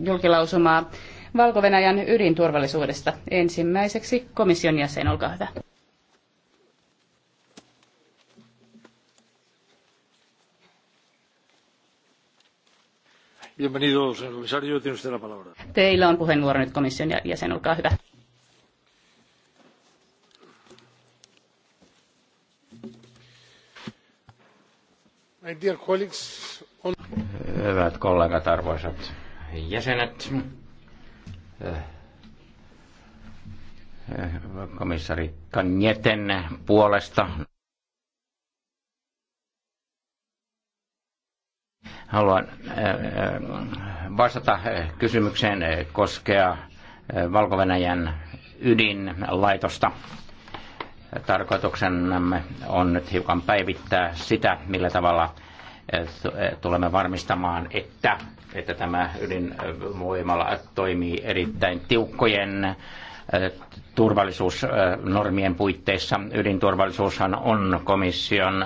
julkilausumaa Valko-Venäjän ydinturvallisuudesta. Ensimmäiseksi komission jäsen, olkaa hyvä. Bienvenido, señor comisario. Tiene usted la palabra. Teillä on puheenvuoro nyt komission jäsen, olkaa hyvä. My dear colleagues, on... Hyvät kollegat, arvoisat jäsenet, eh, eh, komissari Kanjeten puolesta. Haluan eh, vastata kysymykseen koskea valko ydinlaitosta. Tarkoituksenamme on nyt hiukan päivittää sitä, millä tavalla tulemme varmistamaan, että että tämä ydinvoimala toimii erittäin tiukkojen äh, turvallisuusnormien puitteissa. Ydinturvallisuushan on komission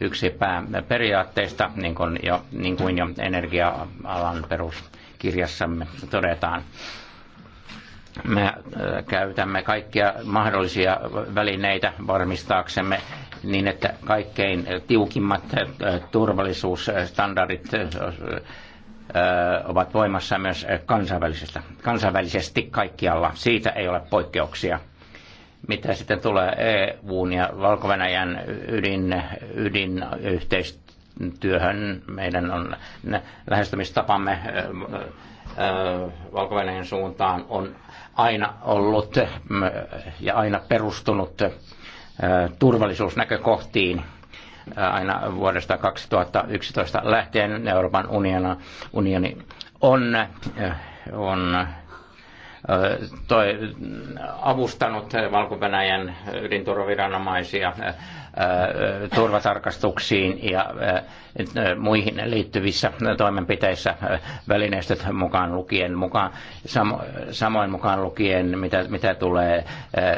yksi pääperiaatteista, niin kuin jo, niin kuin jo energia-alan peruskirjassamme todetaan. Me äh, käytämme kaikkia mahdollisia välineitä varmistaaksemme niin, että kaikkein tiukimmat äh, turvallisuusstandardit ovat voimassa myös kansainvälisestä, kansainvälisesti kaikkialla. Siitä ei ole poikkeuksia. Mitä sitten tulee EUn ja valko ydin, ydinyhteistyöhön, meidän on lähestymistapamme valko suuntaan on aina ollut ja aina perustunut turvallisuusnäkökohtiin – aina vuodesta 2011 lähtien Euroopan unioni on, on toi, avustanut valko ydinturvaviranomaisia turvatarkastuksiin ja muihin liittyvissä toimenpiteissä välineistöt mukaan lukien, mukaan, samoin mukaan lukien, mitä, mitä tulee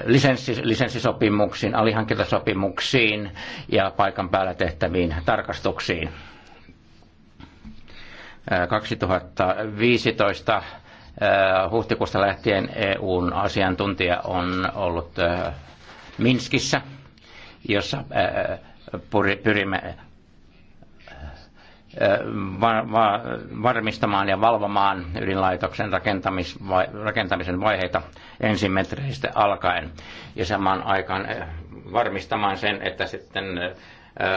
lisenssi, lisenssisopimuksiin, alihankintasopimuksiin ja paikan päällä tehtäviin tarkastuksiin. 2015 Äh, huhtikuusta lähtien EUn asiantuntija on ollut äh, Minskissä, jossa äh, pyrimme varmistamaan ja valvomaan ydinlaitoksen rakentamisen vaiheita ensimetreistä alkaen ja samaan aikaan varmistamaan sen, että sitten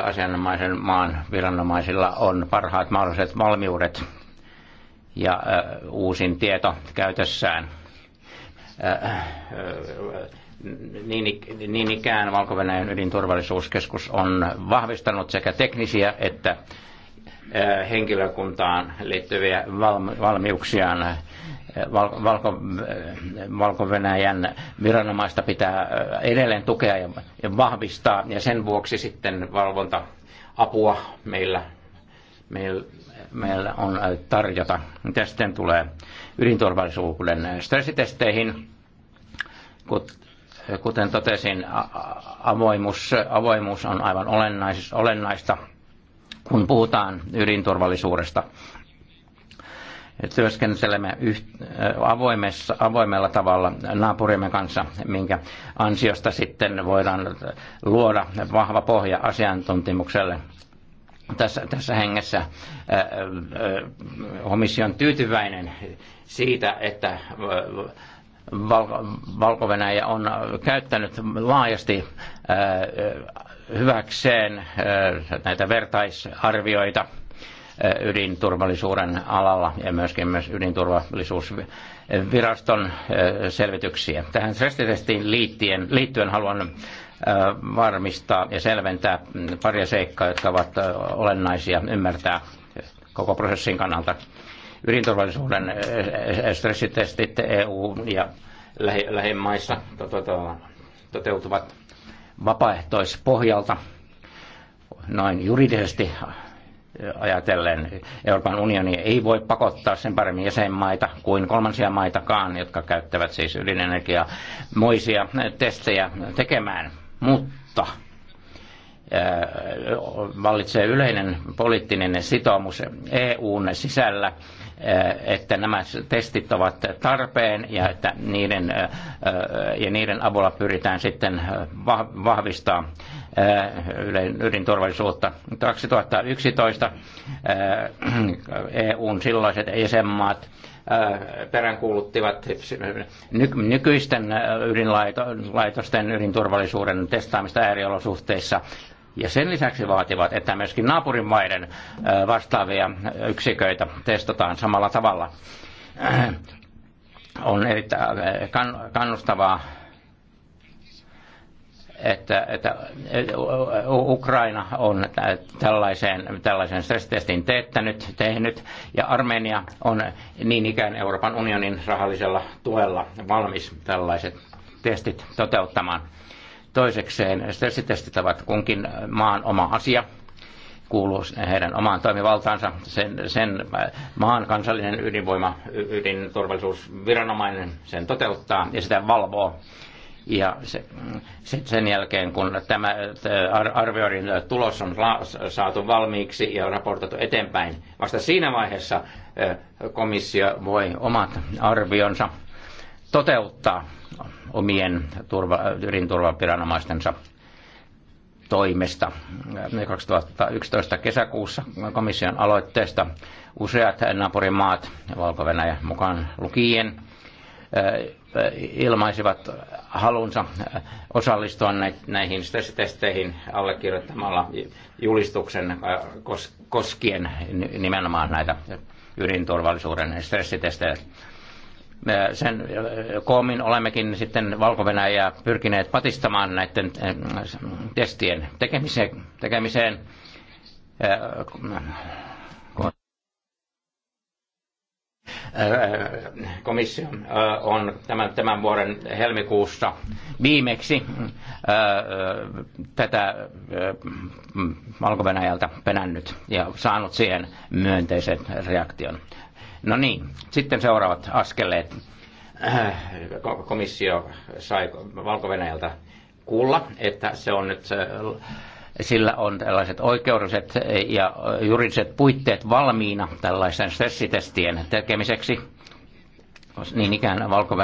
asianomaisen maan viranomaisilla on parhaat mahdolliset valmiudet ja uusin tieto käytössään. Niin, niin ikään valko ydinturvallisuuskeskus on vahvistanut sekä teknisiä että henkilökuntaan liittyviä valmiuksiaan. Valko, Valko-Venäjän viranomaista pitää edelleen tukea ja, ja vahvistaa, ja sen vuoksi sitten valvonta-apua meillä, meillä meillä on äh, tarjota. Mitä sitten tulee ydinturvallisuuden stressitesteihin? Kuten totesin, avoimuus, avoimuus on aivan olennaista, kun puhutaan ydinturvallisuudesta. Työskentelemme yht, äh, avoimessa, avoimella tavalla naapurimme kanssa, minkä ansiosta sitten voidaan luoda vahva pohja asiantuntemukselle tässä, tässä hengessä komissio äh, äh, on tyytyväinen siitä, että äh, valko on käyttänyt laajasti hyväkseen näitä vertaisarvioita ydinturvallisuuden alalla ja myöskin myös ydinturvallisuusviraston selvityksiä. Tähän stressitestiin liittyen, liittyen haluan varmistaa ja selventää paria seikkaa, jotka ovat olennaisia ymmärtää koko prosessin kannalta. Ydinturvallisuuden stressitestit EU ja lähimaissa toteutuvat vapaaehtoispohjalta noin juridisesti ajatellen Euroopan unioni ei voi pakottaa sen paremmin jäsenmaita kuin kolmansia maitakaan, jotka käyttävät siis ydinenergiaa moisia testejä tekemään mutta äh, vallitsee yleinen poliittinen sitoumus EUn sisällä, äh, että nämä testit ovat tarpeen ja että niiden, äh, ja niiden avulla pyritään sitten vahvistaa ydinturvallisuutta. 2011 EUn silloiset jäsenmaat peräänkuuluttivat nykyisten ydinlaitosten ydinturvallisuuden testaamista ääriolosuhteissa. Ja sen lisäksi vaativat, että myöskin naapurimaiden vastaavia yksiköitä testataan samalla tavalla. On erittäin kannustavaa että, että Ukraina on tällaisen, tällaisen stressitestin teettänyt, tehnyt, ja Armenia on niin ikään Euroopan unionin rahallisella tuella valmis tällaiset testit toteuttamaan. Toisekseen stressitestit ovat kunkin maan oma asia, kuuluu heidän omaan toimivaltaansa. Sen, sen maan kansallinen ydinvoima, ydinturvallisuusviranomainen sen toteuttaa ja sitä valvoo ja se, sitten sen jälkeen, kun tämä arvioinnin tulos on saatu valmiiksi ja raportoitu eteenpäin, vasta siinä vaiheessa komissio voi omat arvionsa toteuttaa omien turva, ydinturvapiranomaistensa toimesta. 2011 kesäkuussa komission aloitteesta useat naapurimaat, valko mukaan lukien, ilmaisivat halunsa osallistua näihin stressitesteihin allekirjoittamalla julistuksen äh, koskien nimenomaan näitä ydinturvallisuuden stressitestejä. Äh, sen äh, koomin olemmekin sitten valko pyrkineet patistamaan näiden testien tekemiseen, tekemiseen komissio äh, on tämän, tämän vuoden helmikuussa viimeksi äh, äh, tätä mm, valko penännyt ja saanut siihen myönteisen reaktion. No niin, sitten seuraavat askeleet. Komissio sai valko kuulla, että se on nyt sillä on tällaiset oikeudelliset ja juridiset puitteet valmiina tällaisen stressitestien tekemiseksi. Niin ikään valko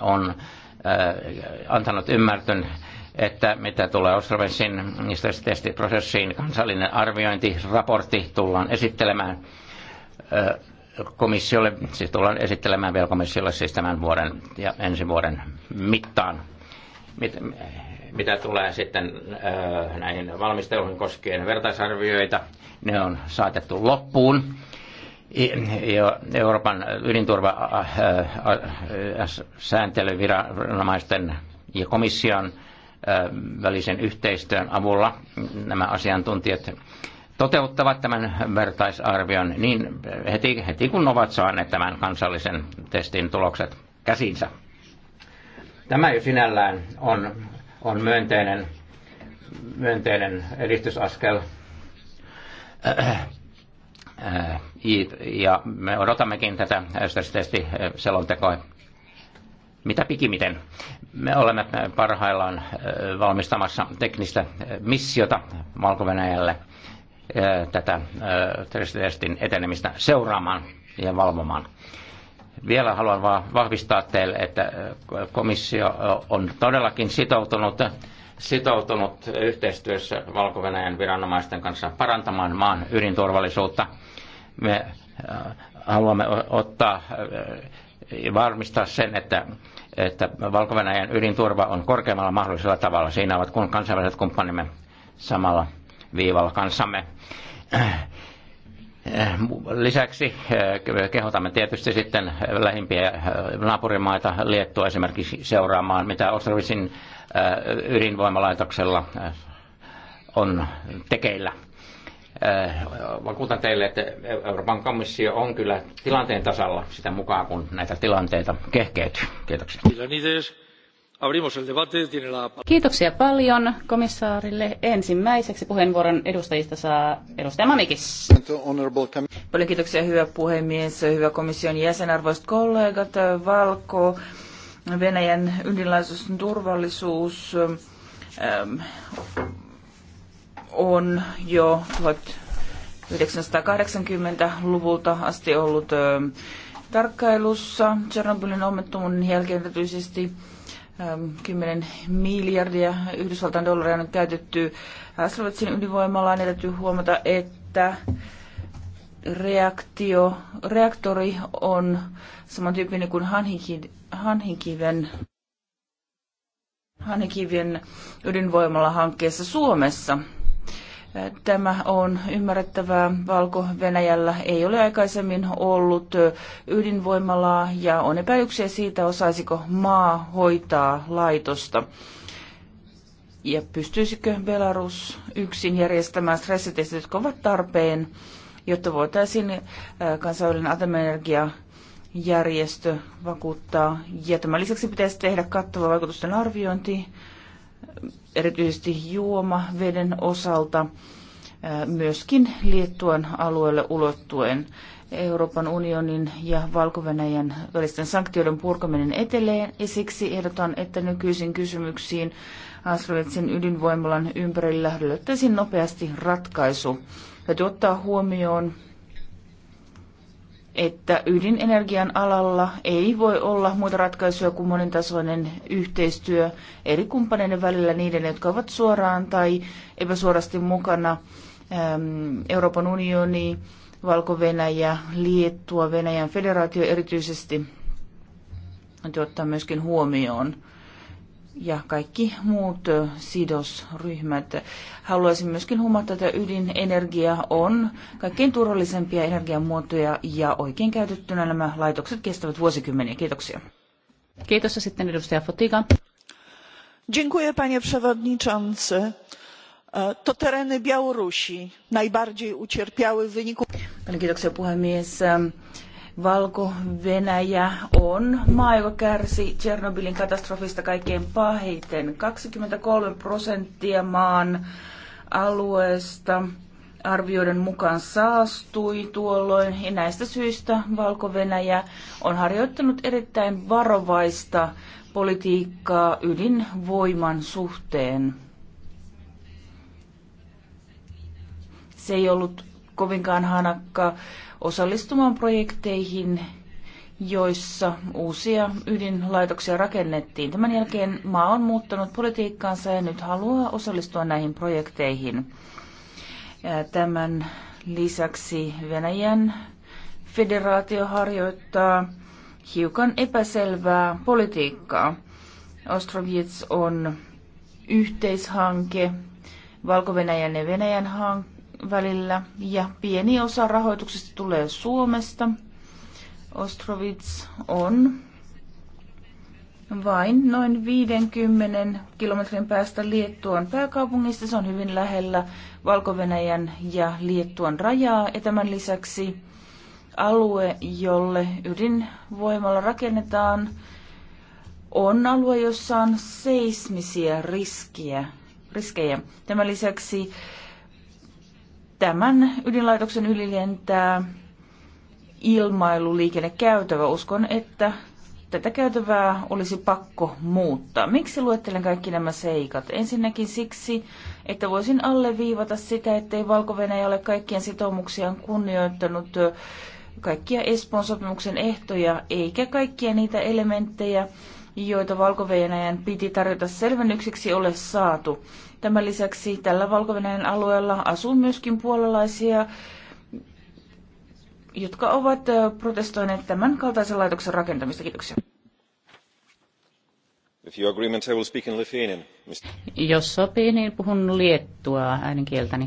on äh, antanut ymmärtön, että mitä tulee Ostrovessin stressitestiprosessiin, kansallinen arviointiraportti tullaan esittelemään äh, komissiolle, siis tullaan esittelemään vielä komissiolle siis tämän vuoden ja ensi vuoden mittaan. Mitä tulee sitten äh, näihin valmisteluihin koskien vertaisarvioita, ne on saatettu loppuun. Euroopan ydinturvasääntelyviranomaisten äh, äh, ja komission välisen yhteistyön avulla nämä asiantuntijat toteuttavat tämän vertaisarvion niin heti, heti kun ovat saaneet tämän kansallisen testin tulokset käsinsä. Tämä jo sinällään on on myönteinen, myönteinen edistysaskel. Äh, äh, äh, ja me odotammekin tätä selontekoa mitä pikimiten. Me olemme parhaillaan valmistamassa teknistä missiota valko tätä testin etenemistä seuraamaan ja valvomaan. Vielä haluan vahvistaa teille, että komissio on todellakin sitoutunut sitoutunut yhteistyössä valko viranomaisten kanssa parantamaan maan ydinturvallisuutta. Me haluamme ottaa ja varmistaa sen, että, että valko ydinturva on korkeammalla mahdollisella tavalla. Siinä ovat kun kansainväliset kumppanimme samalla viivalla kanssamme. Eh, lisäksi eh, kehotamme tietysti sitten lähimpiä eh, naapurimaita Liettua esimerkiksi seuraamaan, mitä Ostrovisin ydinvoimalaitoksella on tekeillä. Vakuutan teille, että Euroopan komissio on kyllä tilanteen tasalla sitä mukaan, kun näitä tilanteita kehkeytyy. Kiitoksia. Kiitoksia paljon komissaarille. Ensimmäiseksi puheenvuoron edustajista saa edustaja Mamikis. Paljon kiitoksia hyvä puhemies, hyvä komission jäsen, arvoisat kollegat, Valko, Venäjän ydinlaisuus turvallisuus ähm, on jo 1980-luvulta asti ollut ähm, tarkkailussa Chernobylin onnettomuuden jälkeen erityisesti 10 miljardia Yhdysvaltain dollaria on käytetty Slovetsin ydinvoimalaan. Ja täytyy huomata, että reaktio, reaktori on samantyyppinen kuin Hanhikiven, Hanhikiven ydinvoimalla hankkeessa Suomessa. Tämä on ymmärrettävää. Valko-Venäjällä ei ole aikaisemmin ollut ydinvoimalaa ja on epäilyksiä siitä, osaisiko maa hoitaa laitosta. Ja pystyisikö Belarus yksin järjestämään stressitestit, jotka ovat tarpeen, jotta voitaisiin kansainvälinen atomenergia järjestö vakuuttaa. Ja tämän lisäksi pitäisi tehdä kattava vaikutusten arviointi erityisesti juomaveden osalta myöskin Liettuan alueelle ulottuen. Euroopan unionin ja valko välisten sanktioiden purkaminen etelee ja siksi ehdotan, että nykyisiin kysymyksiin Asrovetsin ydinvoimalan ympärillä löytäisiin nopeasti ratkaisu. Täytyy ottaa huomioon että ydinenergian alalla ei voi olla muita ratkaisuja kuin monintasoinen yhteistyö eri kumppaneiden välillä, niiden, jotka ovat suoraan tai epäsuorasti mukana. Ähm, Euroopan unioni, Valko-Venäjä, Liettua, Venäjän federaatio erityisesti, ottaa myöskin huomioon ja kaikki muut sidosryhmät. Haluaisin myöskin huomata, että ydinenergia on kaikkein turvallisempia energiamuotoja ja oikein käytettynä nämä laitokset kestävät vuosikymmeniä. Kiitoksia. Kiitos ja sitten edustaja Fotiga. Dziękuję panie przewodniczący. E, to tereny Białorusi najbardziej ucierpiały w wyniku... Kiitoksia puhemies. Valko-Venäjä on maa, joka kärsi Tchernobylin katastrofista kaikkein pahiten. 23 prosenttia maan alueesta arvioiden mukaan saastui tuolloin ja näistä syistä Valko-Venäjä on harjoittanut erittäin varovaista politiikkaa ydinvoiman suhteen. Se ei ollut kovinkaan hanakka osallistumaan projekteihin, joissa uusia ydinlaitoksia rakennettiin. Tämän jälkeen maa on muuttanut politiikkaansa ja nyt haluaa osallistua näihin projekteihin. Tämän lisäksi Venäjän federaatio harjoittaa hiukan epäselvää politiikkaa. Ostrovits on yhteishanke valko ja Venäjän välillä ja pieni osa rahoituksesta tulee Suomesta. Ostrovits on vain noin 50 kilometrin päästä Liettuan pääkaupungista. Se on hyvin lähellä valko ja Liettuan rajaa. Ja tämän lisäksi alue, jolle ydinvoimalla rakennetaan, on alue, jossa on seismisiä riskiä, riskejä. Tämän lisäksi tämän ydinlaitoksen yli lentää ilmailuliikennekäytävä. Uskon, että tätä käytävää olisi pakko muuttaa. Miksi luettelen kaikki nämä seikat? Ensinnäkin siksi, että voisin alleviivata sitä, ettei valko ole kaikkien sitoumuksiaan kunnioittanut kaikkia Espoon sopimuksen ehtoja, eikä kaikkia niitä elementtejä, joita valko piti tarjota selvennyksiksi, ole saatu. Tämän lisäksi tällä valko alueella asuu myöskin puolalaisia, jotka ovat protestoineet tämän kaltaisen laitoksen rakentamista. Kiitoksia. Jos sopii, niin puhun liettua äidinkieltäni.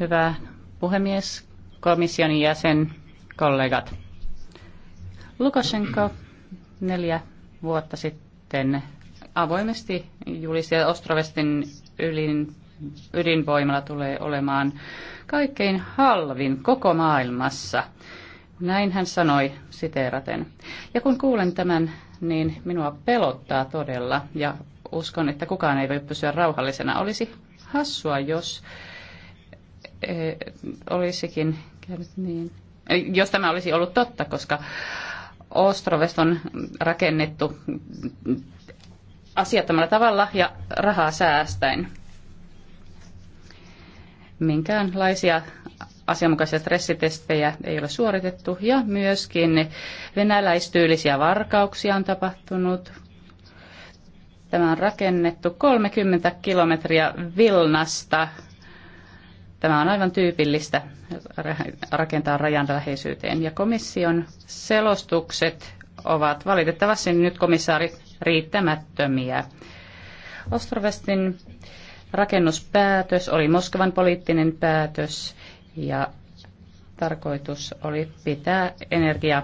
Hyvä puhemies, komission jäsen, kollegat. Lukashenko neljä vuotta sitten avoimesti julisti, että Ostrovestin ylin, ydinvoimalla tulee olemaan kaikkein halvin koko maailmassa. Näin hän sanoi siteeraten. Ja kun kuulen tämän, niin minua pelottaa todella ja uskon, että kukaan ei voi pysyä rauhallisena. Olisi hassua, jos e, olisikin käynyt niin. E, jos tämä olisi ollut totta, koska Ostrovest on rakennettu asiattomalla tavalla ja rahaa säästäen. Minkäänlaisia asianmukaisia stressitestejä ei ole suoritettu ja myöskin venäläistyylisiä varkauksia on tapahtunut. Tämä on rakennettu 30 kilometriä Vilnasta. Tämä on aivan tyypillistä rakentaa rajan läheisyyteen. Ja komission selostukset ovat valitettavasti nyt komissaari riittämättömiä. Ostrovestin rakennuspäätös oli Moskovan poliittinen päätös ja tarkoitus oli pitää energia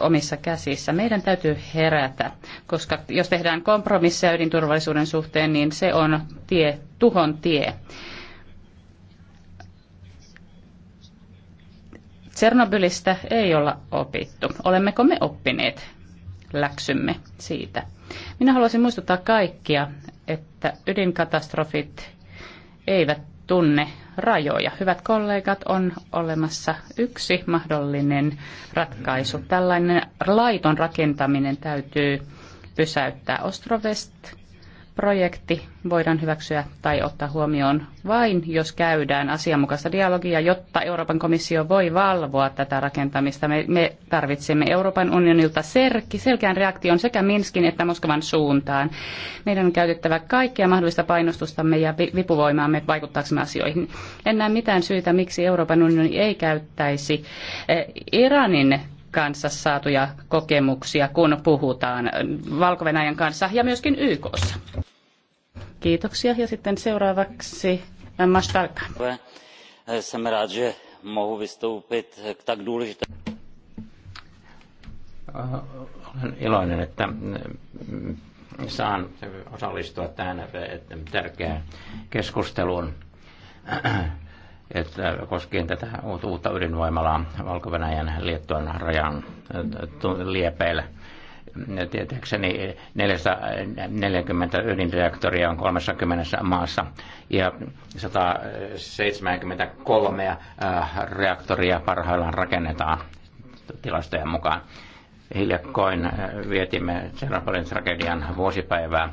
omissa käsissä. Meidän täytyy herätä, koska jos tehdään kompromisseja ydinturvallisuuden suhteen, niin se on tie, tuhon tie. Tsernobylistä ei olla opittu. Olemmeko me oppineet? läksymme siitä. Minä haluaisin muistuttaa kaikkia, että ydinkatastrofit eivät tunne rajoja. Hyvät kollegat, on olemassa yksi mahdollinen ratkaisu. Tällainen laiton rakentaminen täytyy pysäyttää. Ostrovest projekti voidaan hyväksyä tai ottaa huomioon vain, jos käydään asianmukaista dialogia, jotta Euroopan komissio voi valvoa tätä rakentamista. Me, me tarvitsemme Euroopan unionilta selki, selkeän reaktion sekä Minskin että Moskovan suuntaan. Meidän on käytettävä kaikkea mahdollista painostustamme ja vipuvoimaamme vaikuttaaksemme asioihin. En näe mitään syytä, miksi Euroopan unioni ei käyttäisi eh, Iranin kanssa saatuja kokemuksia, kun puhutaan valko kanssa ja myöskin YKssa. Kiitoksia. Ja sitten seuraavaksi Emma äh, Starka. Jsem rád, že mohu vystoupit k tak důležité... Olen iloinen, että mm, saan osallistua tähän tärkeään keskusteluun että koskien tätä uutta ydinvoimalaa Valko-Venäjän Liettuan rajan äh, liepeillä tietääkseni 440 ydinreaktoria on 30 maassa ja 173 äh, reaktoria parhaillaan rakennetaan tilastojen mukaan. Hiljakkoin äh, vietimme Tsernobylin tragedian vuosipäivää.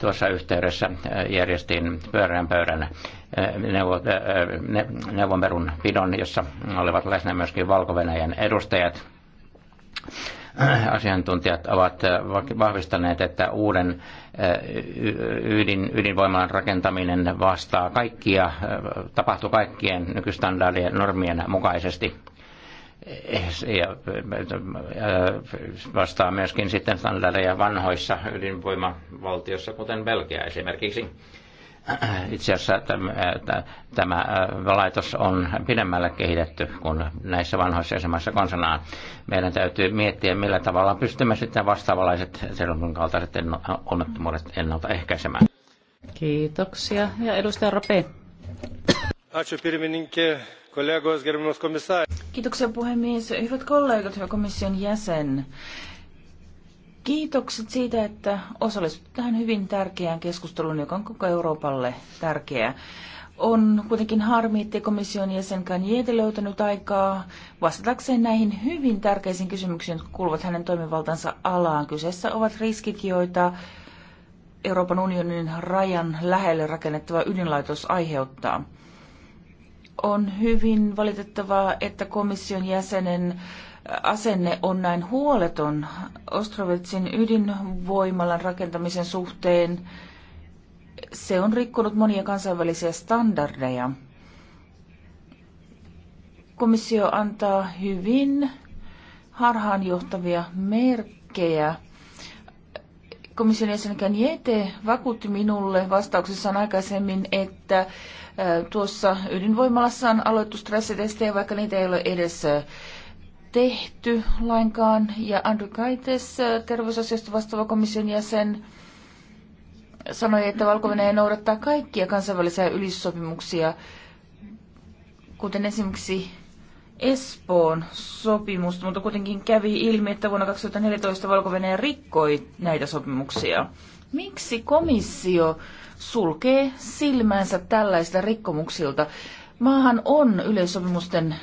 Tuossa yhteydessä äh, järjestin pyörän pöydän neuvonperun pidon, jossa olivat läsnä myöskin valko edustajat Äh, asiantuntijat ovat äh, vahvistaneet, että uuden äh, ydin, ydinvoimalan rakentaminen vastaa kaikkia, tapahtuu kaikkien nykystandardien normien mukaisesti ja vastaa myöskin sitten standardeja vanhoissa ydinvoimavaltioissa, kuten Belgia esimerkiksi itse asiassa tämä laitos on pidemmälle kehitetty kuin näissä vanhoissa jäsenmaissa konsanaan. Meidän täytyy miettiä, millä tavalla pystymme sitten vastaavanlaiset sellaisen kaltaiset onnettomuudet ennaltaehkäisemään. Kiitoksia. Ja edustaja Rope. Kiitoksia puhemies. Hyvät kollegat, hyvä komission jäsen. Kiitokset siitä, että osallistut tähän hyvin tärkeään keskusteluun, joka on koko Euroopalle tärkeä. On kuitenkin harmi, että komission jäsen Kanjete löytänyt aikaa vastatakseen näihin hyvin tärkeisiin kysymyksiin, jotka kuuluvat hänen toimivaltansa alaan. Kyseessä ovat riskit, joita Euroopan unionin rajan lähelle rakennettava ydinlaitos aiheuttaa. On hyvin valitettavaa, että komission jäsenen asenne on näin huoleton Ostrovetsin ydinvoimalan rakentamisen suhteen. Se on rikkonut monia kansainvälisiä standardeja. Komissio antaa hyvin harhaanjohtavia merkkejä. Komission jäsen Kanjete vakuutti minulle vastauksessaan aikaisemmin, että tuossa ydinvoimalassa on aloitettu stressitestejä, vaikka niitä ei ole edes tehty lainkaan. Ja Andrew Kaites, terveysasioista vastaava komission jäsen, sanoi, että valko noudattaa kaikkia kansainvälisiä yleissopimuksia, kuten esimerkiksi Espoon sopimusta, mutta kuitenkin kävi ilmi, että vuonna 2014 valko rikkoi näitä sopimuksia. Miksi komissio sulkee silmänsä tällaisilta rikkomuksilta? Maahan on yleissopimusten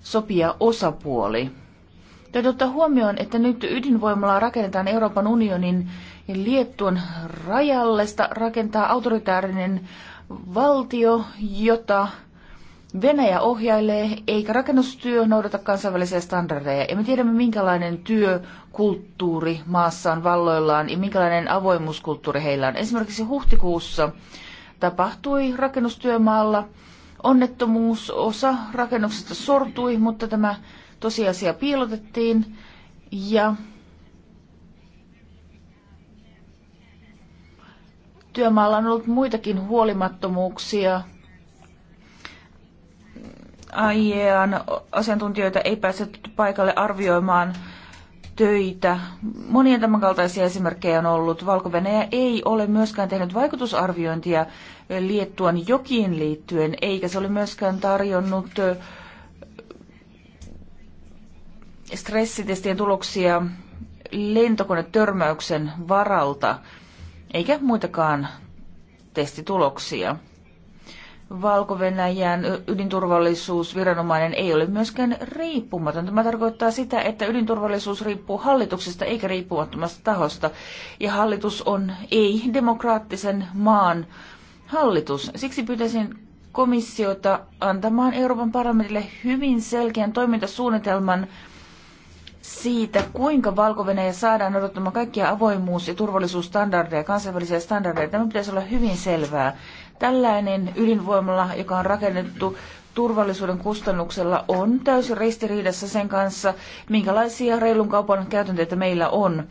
sopia osapuoli. Täytyy ottaa huomioon, että nyt ydinvoimalla rakennetaan Euroopan unionin ja Liettuan rajalle. Sitä rakentaa autoritaarinen valtio, jota Venäjä ohjailee, eikä rakennustyö noudata kansainvälisiä standardeja. Ja me tiedämme, minkälainen työkulttuuri maassa on valloillaan ja minkälainen avoimuuskulttuuri heillä on. Esimerkiksi huhtikuussa tapahtui rakennustyömaalla onnettomuus. Osa rakennuksesta sortui, mutta tämä tosiasia piilotettiin ja työmaalla on ollut muitakin huolimattomuuksia. AIEAn asiantuntijoita ei päästetty paikalle arvioimaan töitä. Monia tämänkaltaisia esimerkkejä on ollut. valko ei ole myöskään tehnyt vaikutusarviointia Liettuan jokiin liittyen, eikä se ole myöskään tarjonnut stressitestien tuloksia lentokonetörmäyksen varalta, eikä muitakaan testituloksia. Valko-Venäjän ydinturvallisuusviranomainen ei ole myöskään riippumaton. Tämä tarkoittaa sitä, että ydinturvallisuus riippuu hallituksesta eikä riippumattomasta tahosta. Ja hallitus on ei-demokraattisen maan hallitus. Siksi pyytäisin komissiota antamaan Euroopan parlamentille hyvin selkeän toimintasuunnitelman siitä, kuinka valko saadaan odottamaan kaikkia avoimuus- ja turvallisuusstandardeja, kansainvälisiä standardeja. Tämä pitäisi olla hyvin selvää. Tällainen ydinvoimala, joka on rakennettu turvallisuuden kustannuksella, on täysin ristiriidassa sen kanssa, minkälaisia reilun kaupan käytänteitä meillä on.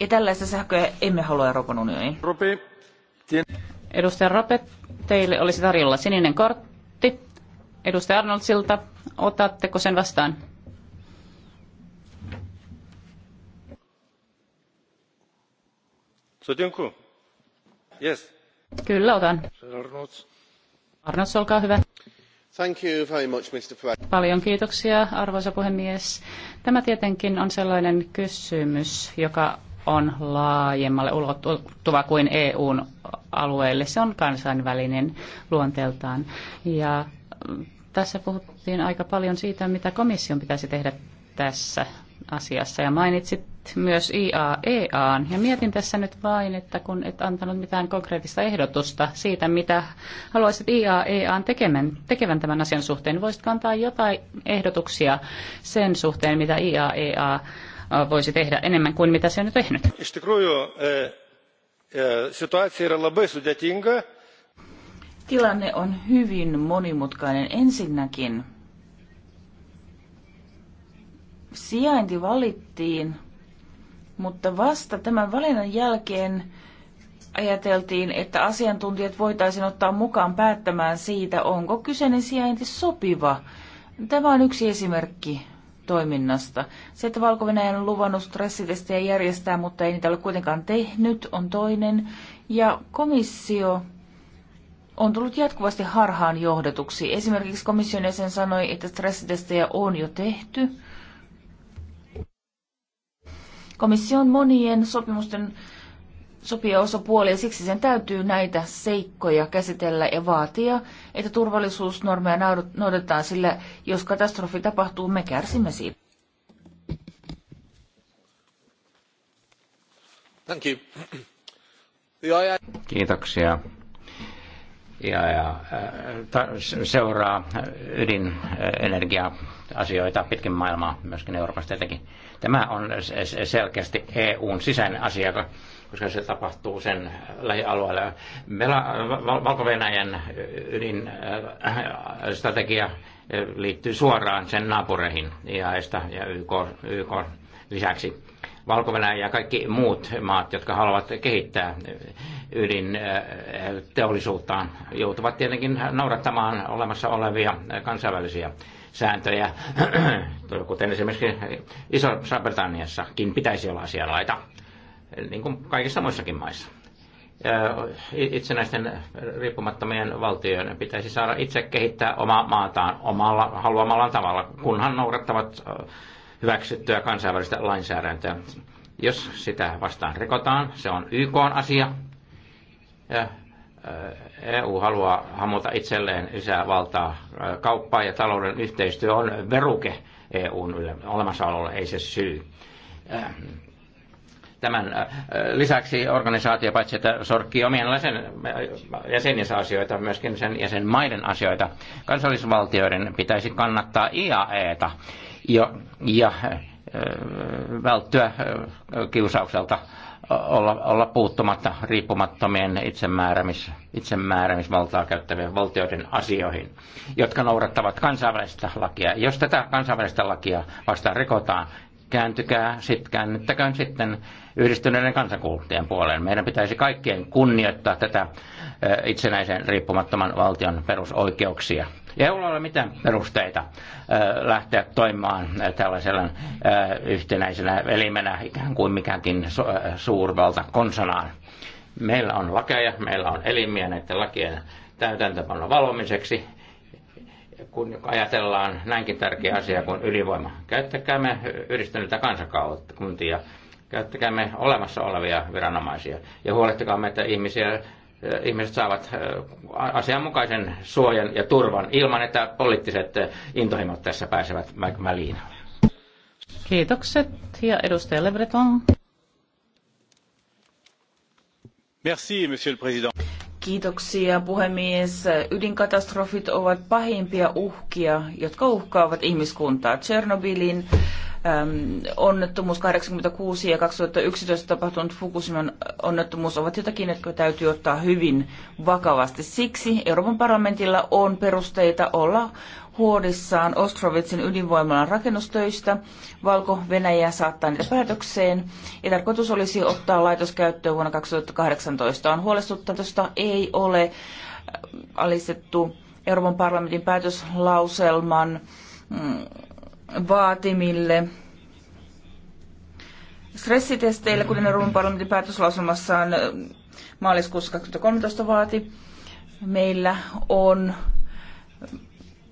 Ja tällaista sähköä emme halua Euroopan unioniin. Edustaja Rope, teille olisi tarjolla sininen kortti. Edustaja Arnoldsilta, otatteko sen vastaan? Sutinku. Yes. Kyllä otan. Arnots, olkaa hyvä. Thank you very much, Mr. Paljon kiitoksia, arvoisa puhemies. Tämä tietenkin on sellainen kysymys, joka on laajemmalle ulottuva kuin EUn alueelle. Se on kansainvälinen luonteeltaan. Ja mm, tässä puhuttiin aika paljon siitä, mitä komission pitäisi tehdä tässä asiassa. Ja mainitsit myös IAEAan. Ja mietin tässä nyt vain, että kun et antanut mitään konkreettista ehdotusta siitä, mitä haluaisit IAEAan tekemän tekevän tämän asian suhteen, niin voisitko antaa jotain ehdotuksia sen suhteen, mitä IAEA e voisi tehdä enemmän kuin mitä se on nyt tehnyt? Tilanne on hyvin monimutkainen. Ensinnäkin sijainti valittiin mutta vasta tämän valinnan jälkeen ajateltiin, että asiantuntijat voitaisiin ottaa mukaan päättämään siitä, onko kyseinen sijainti sopiva. Tämä on yksi esimerkki toiminnasta. Se, että valko on luvannut stressitestejä järjestää, mutta ei niitä ole kuitenkaan tehnyt, on toinen. Ja komissio on tullut jatkuvasti harhaan johdetuksi. Esimerkiksi komission jäsen sanoi, että stressitestejä on jo tehty. Komissio on monien sopimusten sopia osapuoli ja siksi sen täytyy näitä seikkoja käsitellä ja vaatia, että turvallisuusnormeja noudatetaan, sillä jos katastrofi tapahtuu, me kärsimme siitä. Kiitoksia ja, ja äh, ta, seuraa ydinenergia-asioita äh, pitkin maailmaa, myöskin Euroopasta tietenkin. Tämä on selkeästi EUn sisäinen asia, koska se tapahtuu sen äh, lähialueella. Meillä Valko-Venäjän ydinstrategia liittyy suoraan sen naapureihin, IAEsta ja YK, YK lisäksi valko ja kaikki muut maat, jotka haluavat kehittää ydinteollisuuttaan, joutuvat tietenkin noudattamaan olemassa olevia kansainvälisiä sääntöjä, kuten esimerkiksi Iso-Britanniassakin pitäisi olla asianlaita, niin kuin kaikissa muissakin maissa. Itsenäisten riippumattomien valtioiden pitäisi saada itse kehittää omaa maataan omalla haluamallaan tavalla, kunhan noudattavat hyväksyttyä kansainvälistä lainsäädäntöä. Jos sitä vastaan rikotaan, se on YK asia. Ja EU haluaa hamuta itselleen lisää valtaa. Kauppa ja talouden yhteistyö on veruke EUn olemassaololle, ei se syy. Tämän lisäksi organisaatio paitsi, että sorkkii omien jäsen, jäseniensä asioita, myöskin sen jäsenmaiden asioita. Kansallisvaltioiden pitäisi kannattaa IAEta e ja, ja välttyä kiusaukselta olla, olla puuttumatta riippumattomien itsemääräämis, itsemääräämisvaltaa käyttävien valtioiden asioihin, jotka noudattavat kansainvälistä lakia. Jos tätä kansainvälistä lakia vastaan rikotaan, kääntykää, sit, käännyttäköön sitten yhdistyneiden kansakulttien puoleen. Meidän pitäisi kaikkien kunnioittaa tätä itsenäisen riippumattoman valtion perusoikeuksia. Ja ei ole mitään perusteita lähteä toimimaan tällaisella yhtenäisenä elimenä ikään kuin mikäänkin suurvalta konsanaan. Meillä on lakeja, meillä on elimiä näiden lakien täytäntöpano valomiseksi, kun ajatellaan näinkin tärkeä asia kuin ydinvoima. Käyttäkäämme yhdistyneitä kansakuntia, käyttäkäämme olemassa olevia viranomaisia ja huolehtikaamme, meitä ihmisiä ihmiset saavat asianmukaisen suojan ja turvan ilman, että poliittiset intohimot tässä pääsevät väliin. Kiitokset ja edustaja Lebreton. Merci, monsieur le président. Kiitoksia puhemies. Ydinkatastrofit ovat pahimpia uhkia, jotka uhkaavat ihmiskuntaa. Tchernobylin äm, onnettomuus 86 ja 2011 tapahtunut Fukushiman onnettomuus ovat jotakin, jotka täytyy ottaa hyvin vakavasti. Siksi Euroopan parlamentilla on perusteita olla huolissaan Ostrovitsin ydinvoimalan rakennustöistä. Valko-Venäjä saattaa niitä päätökseen ja tarkoitus olisi ottaa laitos käyttöön vuonna 2018. On huolestuttavasta ei ole äh, alistettu Euroopan parlamentin päätöslauselman mm, vaatimille stressitesteille, kuten Euroopan parlamentin päätöslauselmassaan äh, maaliskuussa 2013 vaati. Meillä on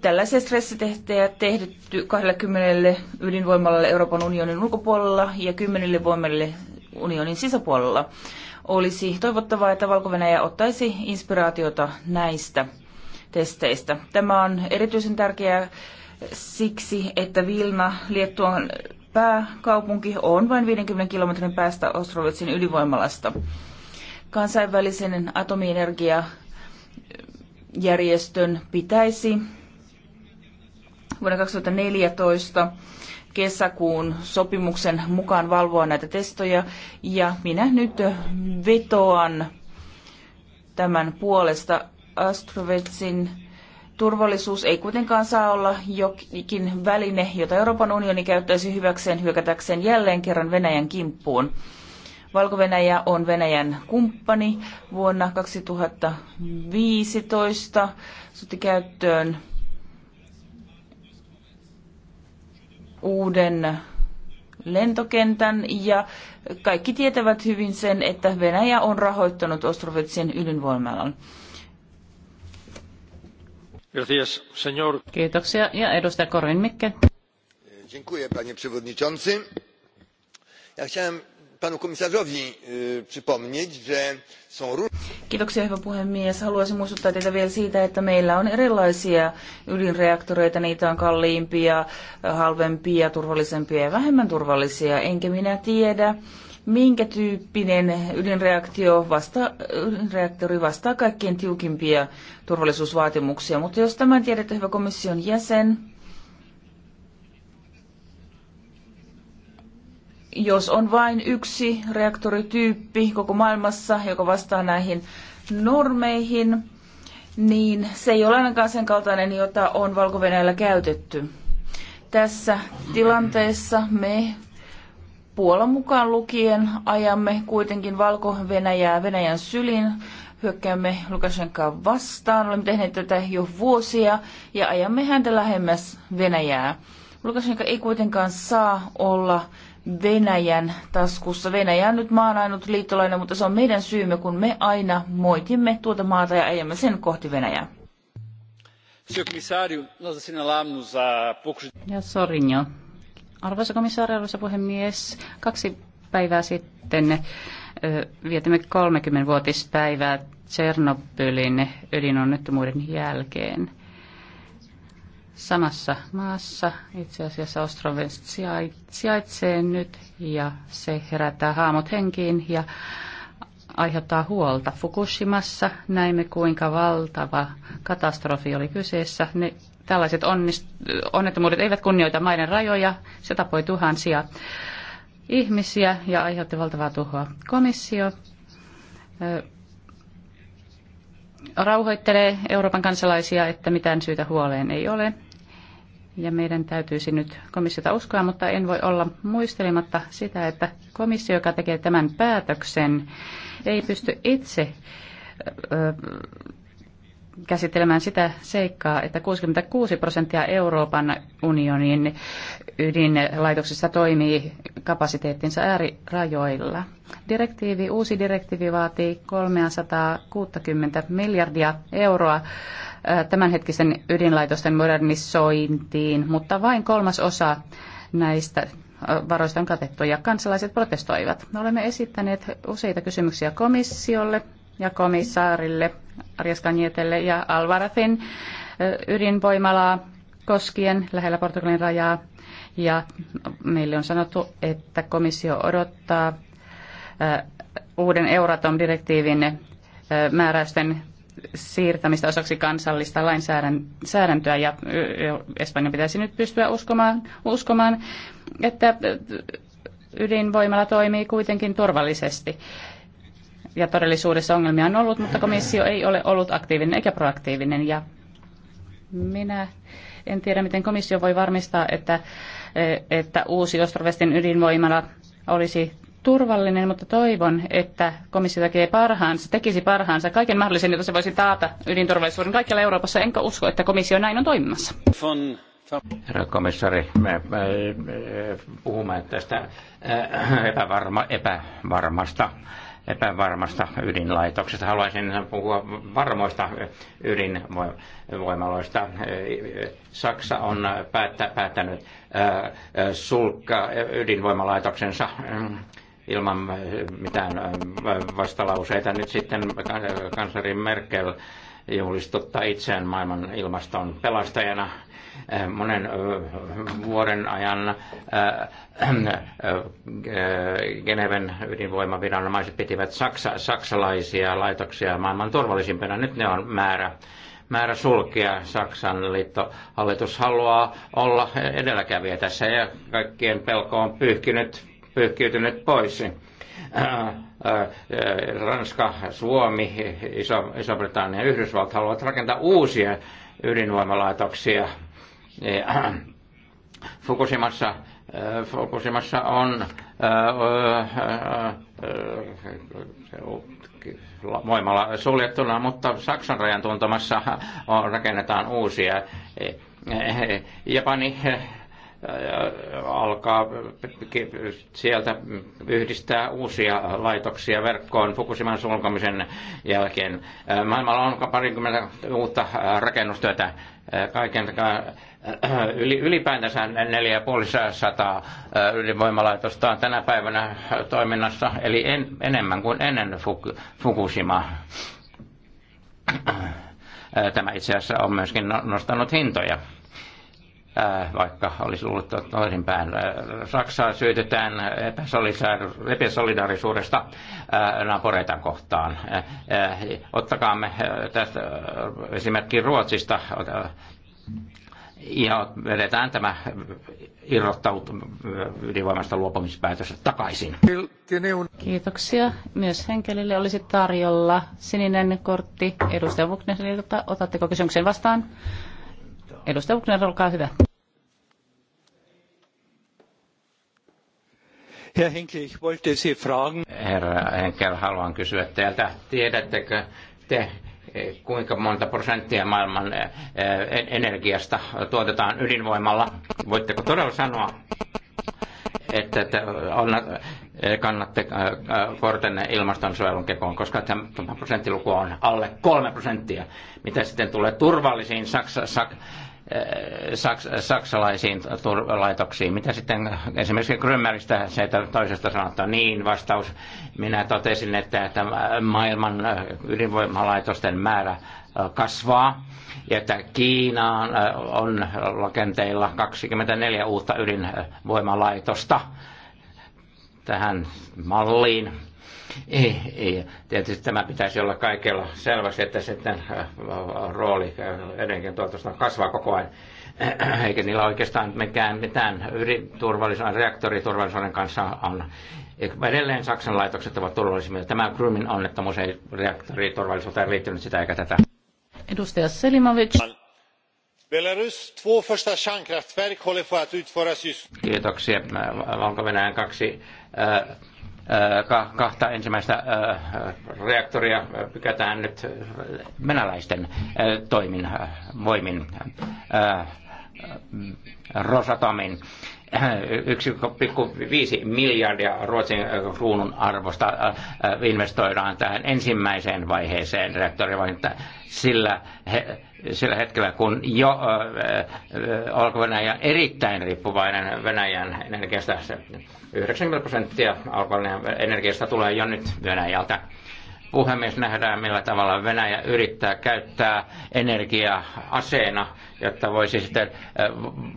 tällaisia stressitehtejä tehty 20 ydinvoimalle Euroopan unionin ulkopuolella ja 10 voimalle unionin sisäpuolella. Olisi toivottavaa, että valko ottaisi inspiraatiota näistä testeistä. Tämä on erityisen tärkeää siksi, että Vilna, Liettuan pääkaupunki, on vain 50 kilometrin päästä Ostrovetsin ydinvoimalasta. Kansainvälisen atomienergiajärjestön pitäisi Vuonna 2014 kesäkuun sopimuksen mukaan valvoa näitä testoja ja minä nyt vetoan tämän puolesta Astrovetsin Turvallisuus ei kuitenkaan saa olla jokin väline, jota Euroopan unioni käyttäisi hyväkseen hyökätäkseen jälleen kerran Venäjän kimppuun. Valko-Venäjä on Venäjän kumppani. Vuonna 2015 sutti käyttöön uuden lentokentän ja kaikki tietävät hyvin sen, että Venäjä on rahoittanut Ostrovetsin ydinvoimalan. Gracias, señor. Kiitoksia. Ja edustaja Korin Mikke. Dziękuję, panie przewodniczący. Ja chciałem panu komisarzowi przypomnieć, że są różne... Kiitoksia hyvä puhemies. Haluaisin muistuttaa teitä vielä siitä, että meillä on erilaisia ydinreaktoreita. Niitä on kalliimpia, halvempia, turvallisempia ja vähemmän turvallisia. Enkä minä tiedä, minkä tyyppinen ydinreaktio vasta, ydinreaktori vastaa kaikkein tiukimpia turvallisuusvaatimuksia. Mutta jos tämän tiedätte, hyvä komission jäsen, jos on vain yksi reaktorityyppi koko maailmassa, joka vastaa näihin normeihin, niin se ei ole ainakaan sen kaltainen, jota on valko käytetty. Tässä tilanteessa me Puola mukaan lukien ajamme kuitenkin Valko-Venäjää Venäjän sylin, hyökkäämme Lukashenkaa vastaan, olemme tehneet tätä jo vuosia ja ajamme häntä lähemmäs Venäjää. Lukashenka ei kuitenkaan saa olla Venäjän taskussa. Venäjä on nyt maan ainut liittolainen, mutta se on meidän syymme, kun me aina moitimme tuota maata ja ajamme sen kohti Venäjää. Ja Sorinjo. Arvoisa komissaari, arvoisa puhemies, kaksi päivää sitten vietimme 30-vuotispäivää Tsernobylin ydinonnettomuuden jälkeen samassa maassa. Itse asiassa Ostroven sijaitsee nyt ja se herättää haamot henkiin ja aiheuttaa huolta. Fukushimassa näimme, kuinka valtava katastrofi oli kyseessä. Ne, tällaiset onnist- onnettomuudet eivät kunnioita maiden rajoja. Se tapoi tuhansia ihmisiä ja aiheutti valtavaa tuhoa. Komissio rauhoittelee Euroopan kansalaisia, että mitään syytä huoleen ei ole. Ja meidän täytyisi nyt komissiota uskoa, mutta en voi olla muistelematta sitä, että komissio, joka tekee tämän päätöksen, ei pysty itse käsittelemään sitä seikkaa, että 66 prosenttia Euroopan unionin ydinlaitoksista toimii kapasiteettinsa äärirajoilla. Direktiivi, uusi direktiivi vaatii 360 miljardia euroa tämänhetkisten ydinlaitosten modernisointiin, mutta vain kolmas osa näistä varoista on katettu ja kansalaiset protestoivat. Olemme esittäneet useita kysymyksiä komissiolle ja komissaarille, Arjaskanjetelle ja Alvarathin ydinvoimalaa koskien lähellä Portugalin rajaa. Ja meille on sanottu, että komissio odottaa uuden Euratom-direktiivin määräysten siirtämistä osaksi kansallista lainsäädäntöä ja Espanjan pitäisi nyt pystyä uskomaan, uskomaan että ydinvoimala toimii kuitenkin turvallisesti. Ja todellisuudessa ongelmia on ollut, mutta komissio ei ole ollut aktiivinen eikä proaktiivinen. Ja minä en tiedä, miten komissio voi varmistaa, että, e, että uusi Ostrovestin ydinvoimala olisi turvallinen, mutta toivon, että komissio tekee parhaansa, tekisi parhaansa kaiken mahdollisen, jotta se voisi taata ydinturvallisuuden kaikkialla Euroopassa. Enkä usko, että komissio näin on toimimassa. Herra komissari, me, puhumme tästä äh, epävarma, epävarmasta epävarmasta ydinlaitoksesta. Haluaisin puhua varmoista ydinvoimaloista. Saksa on päättä, päättänyt äh, äh, sulkea ydinvoimalaitoksensa ilman eh, mitään eh, vastalauseita nyt sitten kansleri Merkel juhlistuttaa itseään maailman ilmaston pelastajana eh, monen vuoden ajan Geneven ydinvoimaviranomaiset pitivät saksa, saksalaisia laitoksia maailman turvallisimpina. Nyt ne on määrä määrä sulkea. Saksan liittohallitus haluaa olla edelläkävijä tässä ja kaikkien pelko on pyyhkinyt pyyhkiytyneet pois. Äh, äh, Ranska, Suomi, Iso-Britannia ja Yhdysvallat haluavat rakentaa uusia ydinvoimalaitoksia. Äh, Fukushimassa, Fukushimassa on voimalla suljettuna, mutta Saksan rajan tuntumassa on, rakennetaan uusia. Japani alkaa sieltä yhdistää uusia laitoksia verkkoon Fukushiman sulkamisen jälkeen. Maailmalla on parikymmentä uutta rakennustyötä kaiken äh, ylipäätänsä 450 äh, ydinvoimalaitosta on tänä päivänä toiminnassa, eli en, enemmän kuin ennen Fukushimaa äh, tämä itse asiassa on myöskin no-, nostanut hintoja vaikka olisi luullut toisinpäin. Saksaa syytetään epäsolidaarisuudesta naapureitaan kohtaan. Ottakaamme tästä esimerkki Ruotsista ja vedetään tämä irrottautu ydinvoimasta luopumispäätös takaisin. Kiitoksia. Myös henkilölle olisi tarjolla sininen kortti edustaja Wuknerilta. Otatteko kysymyksen vastaan? Edustaja Wukner, olkaa hyvä. Herr Henkel, ich wollte Sie fragen. Herra Henkel, haluan kysyä teiltä, tiedättekö te, kuinka monta prosenttia maailman energiasta tuotetaan ydinvoimalla? Voitteko todella sanoa, että te kannatte kortenne ilmastonsuojelun kekoon, koska tämä prosenttiluku on alle kolme prosenttia. Mitä sitten tulee turvallisiin Saksa, Saksa, Äh, saks, saksalaisiin laitoksiin. Mitä sitten esimerkiksi Grömmäristä, se toisesta sanotaan niin, vastaus. Minä totesin, että maailman äh, ydinvoimalaitosten määrä äh, kasvaa ja että Kiinaan on rakenteilla 24 uutta ydinvoimalaitosta tähän malliin ei, ei. Tietysti tämä pitäisi olla kaikella selväksi, että sitten äh, rooli äh, edelleenkin tuotosta kasvaa koko ajan. Äh, eikä niillä oikeastaan mikään, mitään turvallisuuden, reaktoriturvallisuuden kanssa on. Edelleen Saksan laitokset ovat turvallisimmilla. Tämä Grymin onnettomuus ei reaktoriturvallisuuteen liittynyt sitä eikä tätä. Edustaja Selimovic. Belarus två första kärnkraftverk håller på att utföras just Kiitoksia. valko kaksi äh, kahta ensimmäistä reaktoria pykätään nyt venäläisten toimin, voimin Rosatomin yksi viisi miljardia Ruotsin kruunun arvosta investoidaan tähän ensimmäiseen vaiheeseen reaktorivaiheeseen, sillä he, sillä hetkellä, kun jo alkoi venäjä erittäin riippuvainen Venäjän energiasta, 90 prosenttia alkoi energiasta tulee jo nyt Venäjältä. Puhemies nähdään, millä tavalla Venäjä yrittää käyttää energiaa aseena, jotta voisi sitten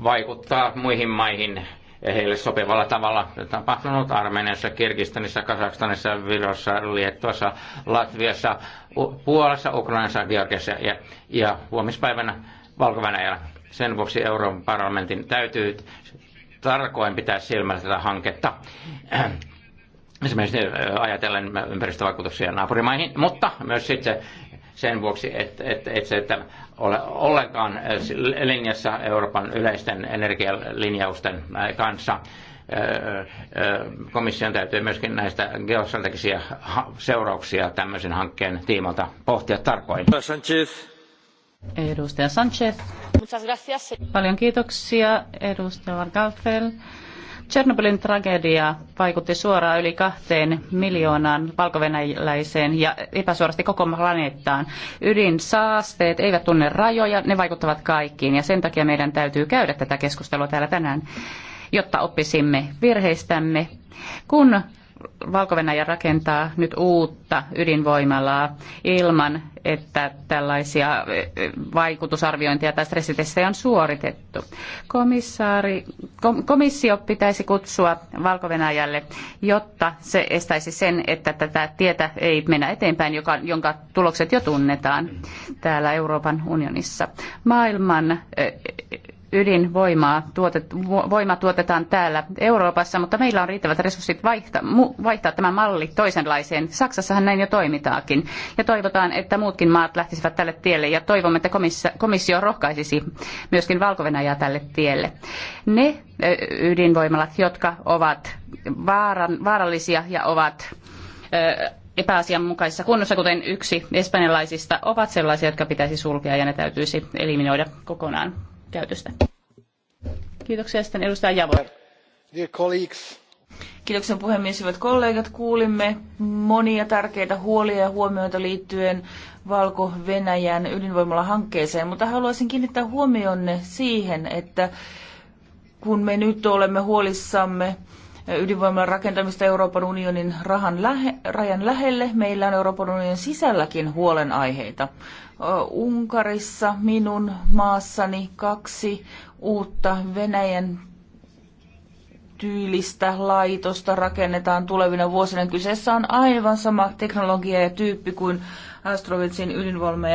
vaikuttaa muihin maihin heille sopivalla tavalla tapahtunut Armeniassa, Kirgistanissa, Kazakstanissa, Virossa, Liettuassa, Latviassa, Puolassa, Ukrainassa, Georgiassa ja, ja huomispäivänä valko -Venäjällä. Sen vuoksi Euroopan parlamentin täytyy tarkoin pitää silmällä tätä hanketta. Esimerkiksi ajatellen ympäristövaikutuksia naapurimaihin, mutta myös sitten sen vuoksi, että et, et se että ole ollenkaan äh, linjassa Euroopan yleisten energialinjausten äh, kanssa äh, komission täytyy myöskin näistä geostrategisia seurauksia tämmöisen hankkeen tiimalta pohtia tarkoin. Sanchez. Edustaja Sanchez. Paljon kiitoksia, edustaja Kaffel. Tchernobylin tragedia vaikutti suoraan yli kahteen miljoonaan valkovenäläiseen ja epäsuorasti koko planeettaan. Ydinsaasteet eivät tunne rajoja, ne vaikuttavat kaikkiin ja sen takia meidän täytyy käydä tätä keskustelua täällä tänään jotta oppisimme virheistämme, kun valko rakentaa nyt uutta ydinvoimalaa ilman, että tällaisia eh, eh, vaikutusarviointeja tai stressitestejä on suoritettu. Komissaari, kom, komissio pitäisi kutsua valko jotta se estäisi sen, että tätä tietä ei mennä eteenpäin, joka, jonka tulokset jo tunnetaan täällä Euroopan unionissa. Maailman eh, ydinvoimaa tuotet, voima tuotetaan täällä Euroopassa, mutta meillä on riittävät resurssit vaihtaa, vaihtaa tämä malli toisenlaiseen. Saksassahan näin jo toimitaakin. Ja toivotaan, että muutkin maat lähtisivät tälle tielle ja toivomme, että komissio, komissio rohkaisisi myöskin valko tälle tielle. Ne ydinvoimalat, jotka ovat vaaran, vaarallisia ja ovat ö, epäasianmukaisessa kunnossa, kuten yksi espanjalaisista, ovat sellaisia, jotka pitäisi sulkea ja ne täytyisi eliminoida kokonaan käytöstä. Kiitoksia sitten edustaja Javor. Dear colleagues. Kiitoksia puhemies, hyvät kollegat. Kuulimme monia tärkeitä huolia ja huomioita liittyen Valko-Venäjän ydinvoimalahankkeeseen, mutta haluaisin kiinnittää huomionne siihen, että kun me nyt olemme huolissamme ydinvoiman rakentamista Euroopan unionin rahan lähe, rajan lähelle. Meillä on Euroopan unionin sisälläkin huolenaiheita. Unkarissa, minun maassani, kaksi uutta Venäjän tyylistä laitosta rakennetaan tulevina vuosina. Kyseessä on aivan sama teknologia ja tyyppi kuin Astrovitsin ydinvoima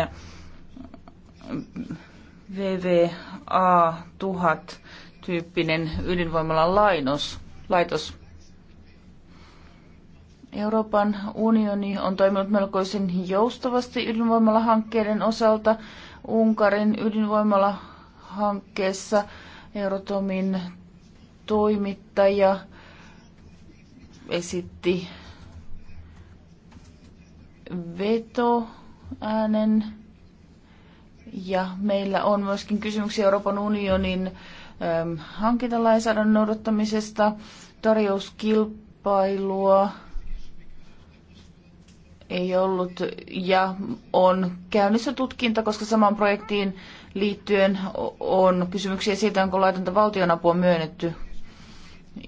VVA 1000 tyyppinen ydinvoimalan lainos laitos. Euroopan unioni on toiminut melkoisen joustavasti ydinvoimalahankkeiden osalta. Unkarin ydinvoimalahankkeessa Eurotomin toimittaja esitti vetoäänen. Ja meillä on myöskin kysymyksiä Euroopan unionin hankintalainsäädännön noudattamisesta, tarjouskilpailua ei ollut ja on käynnissä tutkinta, koska samaan projektiin liittyen on kysymyksiä siitä, onko laitonta valtionapua myönnetty.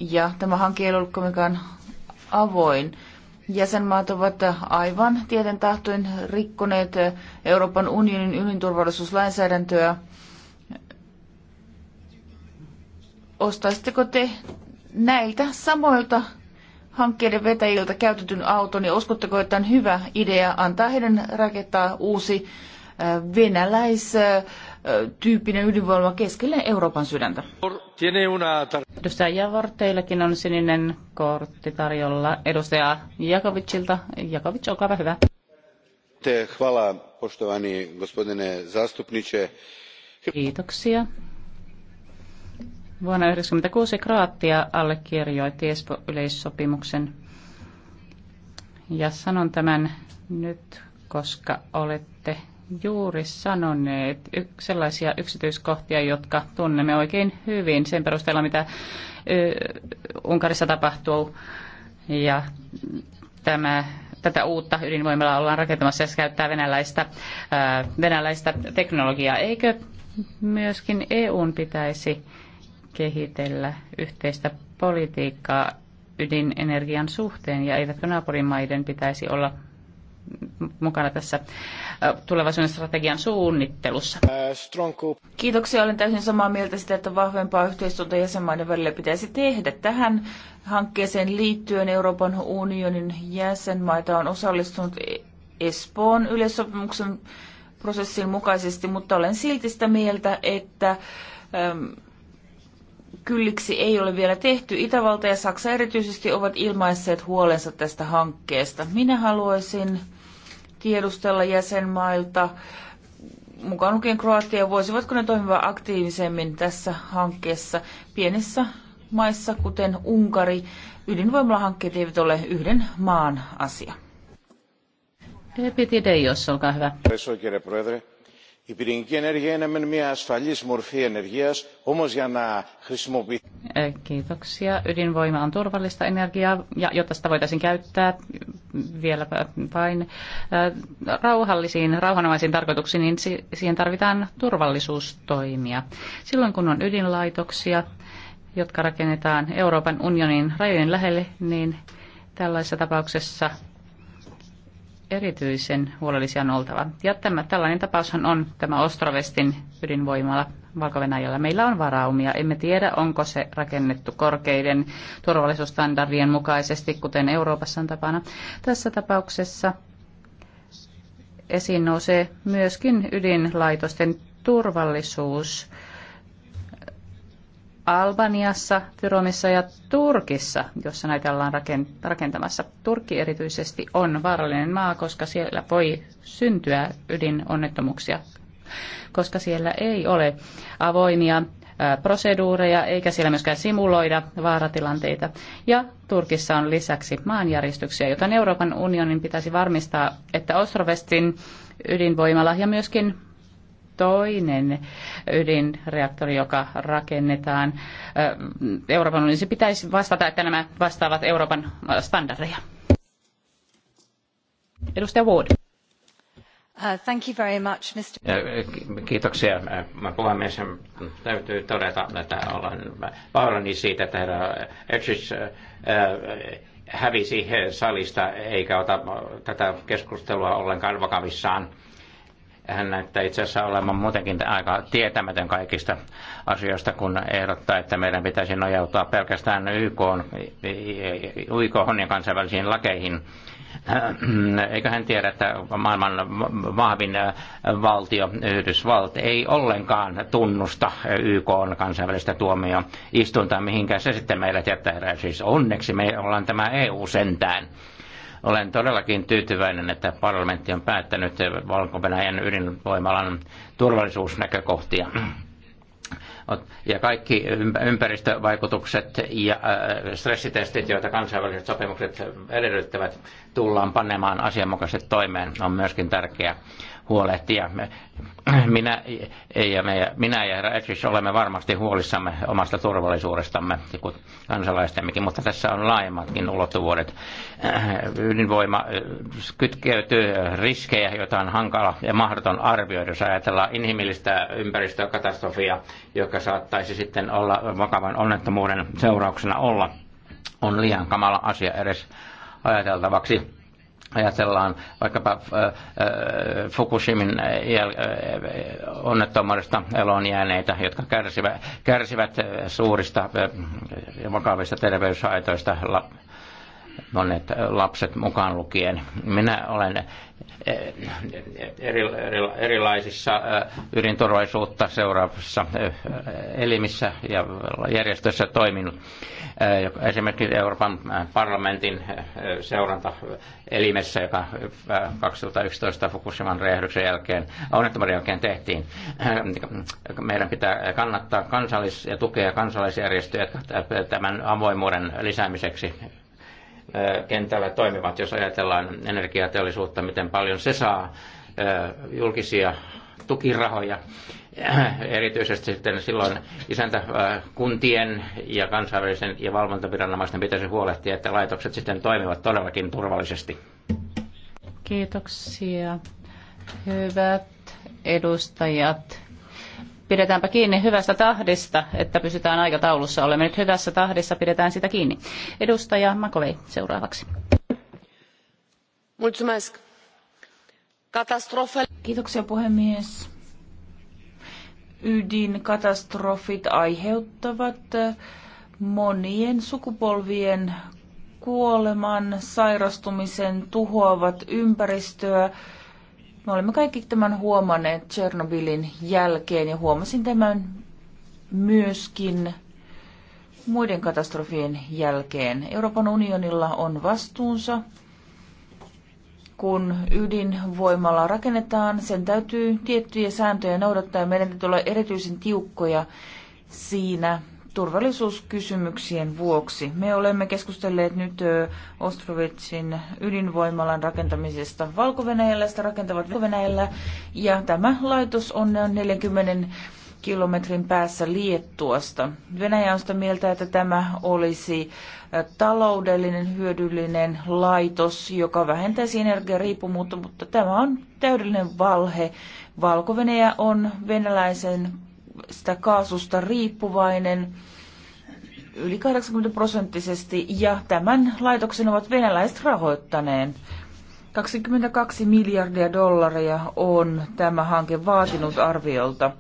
Ja tämä hanke ei ollut kovinkaan avoin. Jäsenmaat ovat aivan tieten tahtoin rikkoneet Euroopan unionin ylinturvallisuuslainsäädäntöä ostaisitteko te näiltä samoilta hankkeiden vetäjiltä käytetyn auton ja uskotteko, että on hyvä idea antaa heidän rakentaa uusi venäläistyyppinen ydinvoima keskelle Euroopan sydäntä? Edustaja Javor, teilläkin on sininen kortti tarjolla edustaja Jakovicilta. Jakovic, olkaa hyvä. Hvala, poštovani gospodine zastupniče. Kiitoksia, Vuonna 1996 Kroatia allekirjoitti espo yleissopimuksen Ja sanon tämän nyt, koska olette juuri sanoneet sellaisia yksityiskohtia, jotka tunnemme oikein hyvin sen perusteella, mitä Unkarissa tapahtuu. Ja tämä, tätä uutta ydinvoimalaa ollaan rakentamassa ja se käyttää venäläistä, venäläistä teknologiaa. Eikö myöskin EUn pitäisi kehitellä yhteistä politiikkaa ydinenergian suhteen ja eivätkö naapurimaiden pitäisi olla mukana tässä tulevaisuuden strategian suunnittelussa. Kiitoksia. Olen täysin samaa mieltä sitä, että vahvempaa yhteistyötä jäsenmaiden välillä pitäisi tehdä. Tähän hankkeeseen liittyen Euroopan unionin jäsenmaita on osallistunut e- Espoon yleissopimuksen prosessin mukaisesti, mutta olen silti sitä mieltä, että kylliksi ei ole vielä tehty. Itävalta ja Saksa erityisesti ovat ilmaisseet huolensa tästä hankkeesta. Minä haluaisin tiedustella jäsenmailta, mukaan lukien Kroatia, voisivatko ne toimia aktiivisemmin tässä hankkeessa pienissä maissa, kuten Unkari. Ydinvoimalahankkeet eivät ole yhden maan asia. jos olkaa hyvä. Η πυρηνική ενέργεια είναι μεν μια ασφαλή μορφή energias, όμω για να χρησιμοποιηθεί... Kiitoksia. Ydinvoima on turvallista energiaa, ja jotta sitä voitaisiin käyttää vielä vain rauhallisiin, rauhanomaisiin tarkoituksiin, niin siihen tarvitaan turvallisuustoimia. Silloin kun on ydinlaitoksia, jotka rakennetaan Euroopan unionin rajojen lähelle, niin tällaisessa tapauksessa erityisen huolellisia on oltava. Ja tämä, tällainen tapaushan on tämä Ostrovestin ydinvoimala valko -Venäjällä. Meillä on varaumia. Emme tiedä, onko se rakennettu korkeiden turvallisuusstandardien mukaisesti, kuten Euroopassa on tapana. Tässä tapauksessa esiin nousee myöskin ydinlaitosten turvallisuus Albaniassa, Fyromissa ja Turkissa, jossa näitä ollaan rakentamassa. Turkki erityisesti on vaarallinen maa, koska siellä voi syntyä ydinonnettomuuksia, koska siellä ei ole avoimia proseduureja, eikä siellä myöskään simuloida vaaratilanteita. Ja Turkissa on lisäksi maanjäristyksiä, joten Euroopan unionin pitäisi varmistaa, että Ostrovestin ydinvoimala ja myöskin toinen ydinreaktori, joka rakennetaan Euroopan unionissa, pitäisi vastata, että nämä vastaavat Euroopan standardeja. Edustaja Ward. Uh, thank you very much, Mr. Kiitoksia puhemies. Täytyy todeta, että olen pahoillani siitä, että herra Etchis hävisi salista eikä ota tätä keskustelua ollenkaan vakavissaan hän näyttää itse asiassa olemaan muutenkin aika tietämätön kaikista asioista, kun ehdottaa, että meidän pitäisi nojautua pelkästään YK, YK ja kansainvälisiin lakeihin. Eikö hän tiedä, että maailman vahvin valtio, Yhdysvalt, ei ollenkaan tunnusta YK on kansainvälistä tuomioistuinta, mihinkään. se sitten meillä tietää, siis onneksi me ollaan tämä EU sentään. Olen todellakin tyytyväinen, että parlamentti on päättänyt Valko-Venäjän ydinvoimalan turvallisuusnäkökohtia ja kaikki ympäristövaikutukset ja äh, stressitestit, joita kansainväliset sopimukset edellyttävät, tullaan panemaan asianmukaisesti toimeen, on myöskin tärkeää huolehtia. Minä ja, me, minä ja herra Etsis olemme varmasti huolissamme omasta turvallisuudestamme, kansalaistemmekin, mutta tässä on laajemmatkin ulottuvuudet. Ydinvoima eh, kytkeytyy riskejä, joita on hankala ja mahdoton arvioida, jos ajatellaan inhimillistä ympäristökatastrofia, joka saattaisi sitten olla vakavan onnettomuuden seurauksena olla. On liian kamala asia edes ajateltavaksi ajatellaan vaikkapa äh, äh, Fukushimin äh, onnettomuudesta eloon jääneitä, jotka kärsivät, kärsivät suurista ja vakavista terveyshaitoista monet lapset mukaan lukien. Minä olen eh, eri, eri, erilaisissa eh, ydinturvallisuutta seuraavissa eh, elimissä ja järjestöissä toiminut. Esimerkiksi Euroopan parlamentin seurantaelimessä, joka 2011 Fukushiman räjähdyksen jälkeen, onnettomuuden jälkeen tehtiin. Meidän pitää kannattaa kansallis- ja tukea kansalaisjärjestöjä tämän avoimuuden lisäämiseksi kentällä toimivat, jos ajatellaan energiateollisuutta, miten paljon se saa julkisia tukirahoja, äh, erityisesti sitten silloin kuntien ja kansainvälisen ja valvontaviranomaisten pitäisi huolehtia, että laitokset sitten toimivat todellakin turvallisesti. Kiitoksia. Hyvät edustajat, pidetäänpä kiinni hyvästä tahdista, että pysytään aikataulussa. Olemme nyt hyvässä tahdissa, pidetään sitä kiinni. Edustaja Makovei seuraavaksi. Mulțumesc. Katastrofe... Kiitoksia puhemies. Ydinkatastrofit aiheuttavat monien sukupolvien kuoleman, sairastumisen, tuhoavat ympäristöä, me olemme kaikki tämän huomanneet Tchernobylin jälkeen ja huomasin tämän myöskin muiden katastrofien jälkeen. Euroopan unionilla on vastuunsa. Kun ydinvoimalla rakennetaan, sen täytyy tiettyjä sääntöjä noudattaa ja meidän täytyy olla erityisen tiukkoja siinä, turvallisuuskysymyksien vuoksi. Me olemme keskustelleet nyt Ostrovitsin ydinvoimalan rakentamisesta valko Sitä rakentavat valko ja tämä laitos on 40 kilometrin päässä Liettuasta. Venäjä on sitä mieltä, että tämä olisi taloudellinen, hyödyllinen laitos, joka vähentäisi energiariippumuutta, mutta tämä on täydellinen valhe. valko on venäläisen sitä kaasusta riippuvainen yli 80 prosenttisesti ja tämän laitoksen ovat venäläiset rahoittaneen. 22 miljardia dollaria on tämä hanke vaatinut arviolta.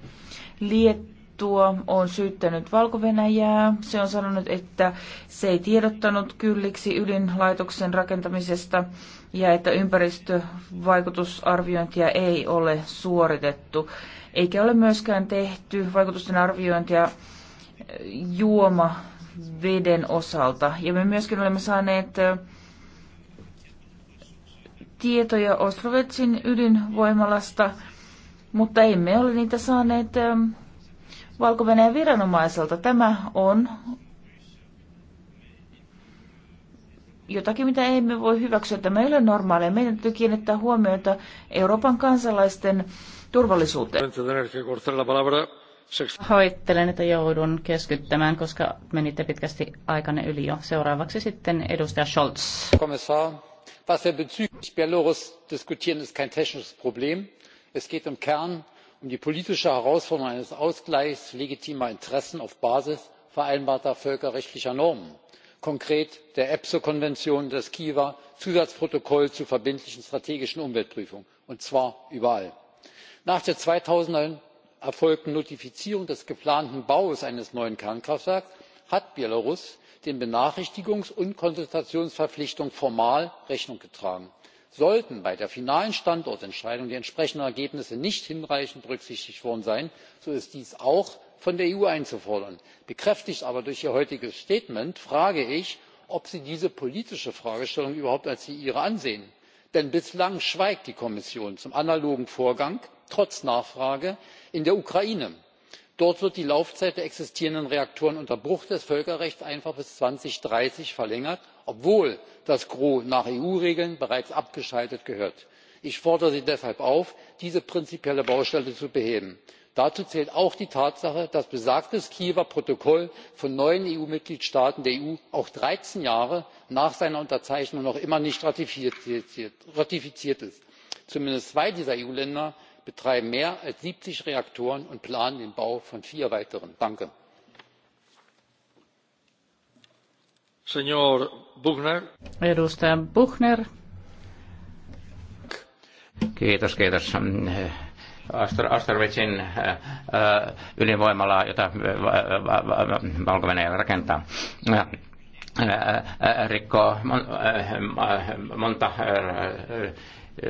Liettua on syyttänyt valko -Venäjää. Se on sanonut, että se ei tiedottanut kylliksi ydinlaitoksen rakentamisesta ja että ympäristövaikutusarviointia ei ole suoritettu eikä ole myöskään tehty vaikutusten arviointia juoma veden osalta. Ja me myöskin olemme saaneet tietoja Ostrovetsin ydinvoimalasta, mutta emme ole niitä saaneet valko viranomaiselta. Tämä on jotakin, mitä emme voi hyväksyä. Tämä ei ole normaalia. Meidän täytyy kiinnittää huomiota Euroopan kansalaisten turvallisuuteen. Hoittelen, että joudun keskyttämään, koska menitte pitkästi aikanne yli jo. Seuraavaksi sitten edustaja Scholz. was wir bezüglich Belarus diskutieren, ist kein technisches Problem. Es geht im Kern um die politische Herausforderung eines Ausgleichs legitimer Interessen auf Basis vereinbarter völkerrechtlicher normen konkret der espoo konvention des kiewer zusatzprotokolls zur verbindlichen strategischen umweltprüfung und zwar überall nach der zweitausendneun erfolgten notifizierung des geplanten baus eines neuen kernkraftwerks hat belarus den benachrichtigungs und konsultationsverpflichtungen formal rechnung getragen. sollten bei der finalen standortentscheidung die entsprechenden ergebnisse nicht hinreichend berücksichtigt worden sein so ist dies auch von der eu einzufordern. bekräftigt aber durch ihr heutiges statement frage ich ob sie diese politische fragestellung überhaupt als die ihre ansehen denn bislang schweigt die kommission zum analogen vorgang trotz nachfrage in der ukraine. dort wird die laufzeit der existierenden reaktoren unter bruch des völkerrechts einfach bis zweitausenddreißig verlängert obwohl das gros nach eu regeln bereits abgeschaltet gehört. ich fordere sie deshalb auf diese prinzipielle baustelle zu beheben dazu zählt auch die tatsache dass besagtes kiewer protokoll von neun eu mitgliedstaaten der eu auch dreizehn jahre nach seiner unterzeichnung noch immer nicht ratifiziert ist. zumindest zwei dieser eu länder betreiben mehr als siebzig reaktoren und planen den bau von vier weiteren. Astrovitsin äh, äh, ydinvoimalaa, jota äh, valko rakentaa rikkoo monta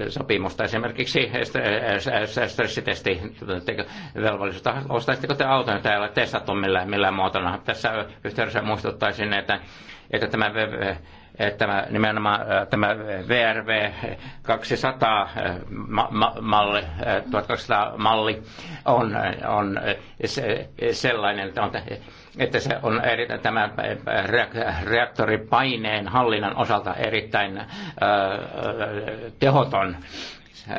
sopimusta, esimerkiksi stressitesti velvollisuutta. Ostaisitteko te auton, täällä testattu millään, millään muotona? Tässä yhteydessä muistuttaisin, että, että tämä tämä nimenomaan tämä VRV 200 malli, 1200 malli on, on sellainen, että, on, että se on eri, tämä reaktoripaineen hallinnan osalta erittäin tehoton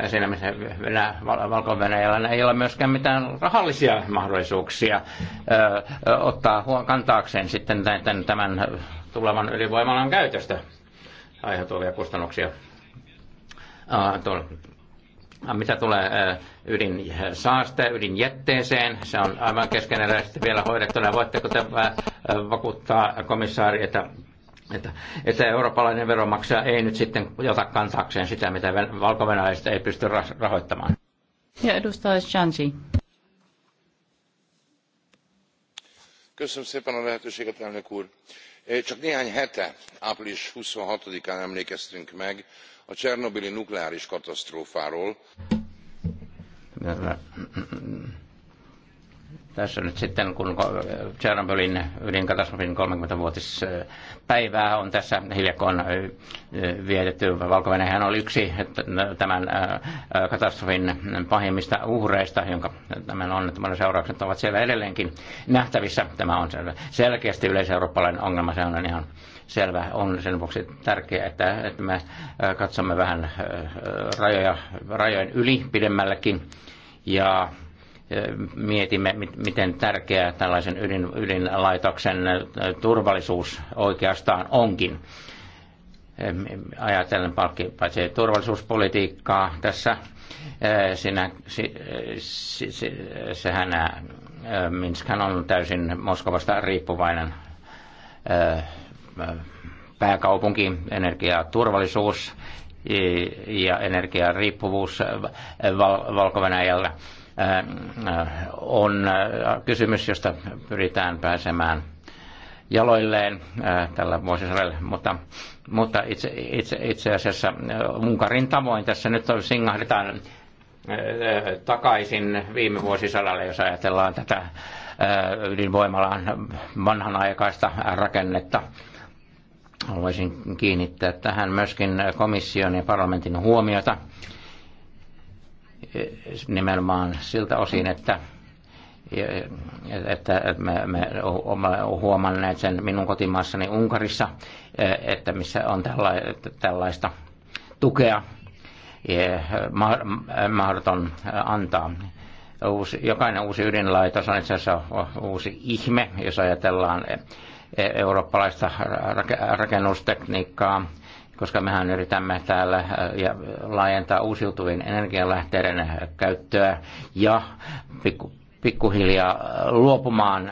siinä missä Venä, Valko-Venäjällä ei ole myöskään mitään rahallisia mahdollisuuksia ö, ottaa huon kantaakseen sitten tämän, tämän tulevan ydinvoimalan käytöstä aiheutuvia kustannuksia. Mitä tulee ydinsaaste, ydinjätteeseen, se on aivan keskeneräisesti vielä hoidettuna. Voitteko te vakuuttaa komissaari, että että, että eurooppalainen veronmaksaja ei nyt sitten jota kantaakseen sitä, mitä valko ei pysty rahoittamaan. Ja edustaja Shansi. Köszönöm szépen a lehetőséget, elnök úr csak néhány hete április twenty six án emlékeztünk meg a csernobili nukleáris katasztrófáról tässä nyt sitten, kun Tchernobylin ydinkatastrofin 30-vuotispäivää on tässä hiljakkoon vietetty. valko oli yksi tämän katastrofin pahimmista uhreista, jonka tämän onnettomuuden seuraukset ovat siellä edelleenkin nähtävissä. Tämä on selkeästi yleiseurooppalainen ongelma, se on ihan selvä. On sen vuoksi tärkeää, että, että me katsomme vähän rajoja, rajojen yli pidemmällekin. Ja mietimme, miten tärkeää tällaisen ydin, ydinlaitoksen äh, turvallisuus oikeastaan onkin. Ajatellen paitsi turvallisuuspolitiikkaa tässä, äh, sinä, si, si, si, sehän äh, Minskhan on täysin Moskovasta riippuvainen pääkaupunki, energiaturvallisuus ja energiariippuvuus Val- Valko-Venäjällä. valko venäjällä Äh, äh, on äh, kysymys, josta pyritään pääsemään jaloilleen tällä vuosisadalla, mutta, mutta itse, itse, itse asiassa Unkarin tavoin tässä nyt on singahdetaan takaisin viime vuosisadalle, jos ajatellaan tätä ydinvoimalan vanhanaikaista rakennetta. Haluaisin kiinnittää tähän myöskin komission ja parlamentin huomiota nimenomaan siltä osin, että että me, me olemme huomanneet sen minun kotimaassani Unkarissa, että missä on tällaista tukea mahdoton antaa. Uusi, jokainen uusi ydinlaitos on itse asiassa uusi ihme, jos ajatellaan e, e, eurooppalaista rakennustekniikkaa, koska mehän yritämme täällä laajentaa uusiutuvien energialähteiden käyttöä ja pikku, pikkuhiljaa luopumaan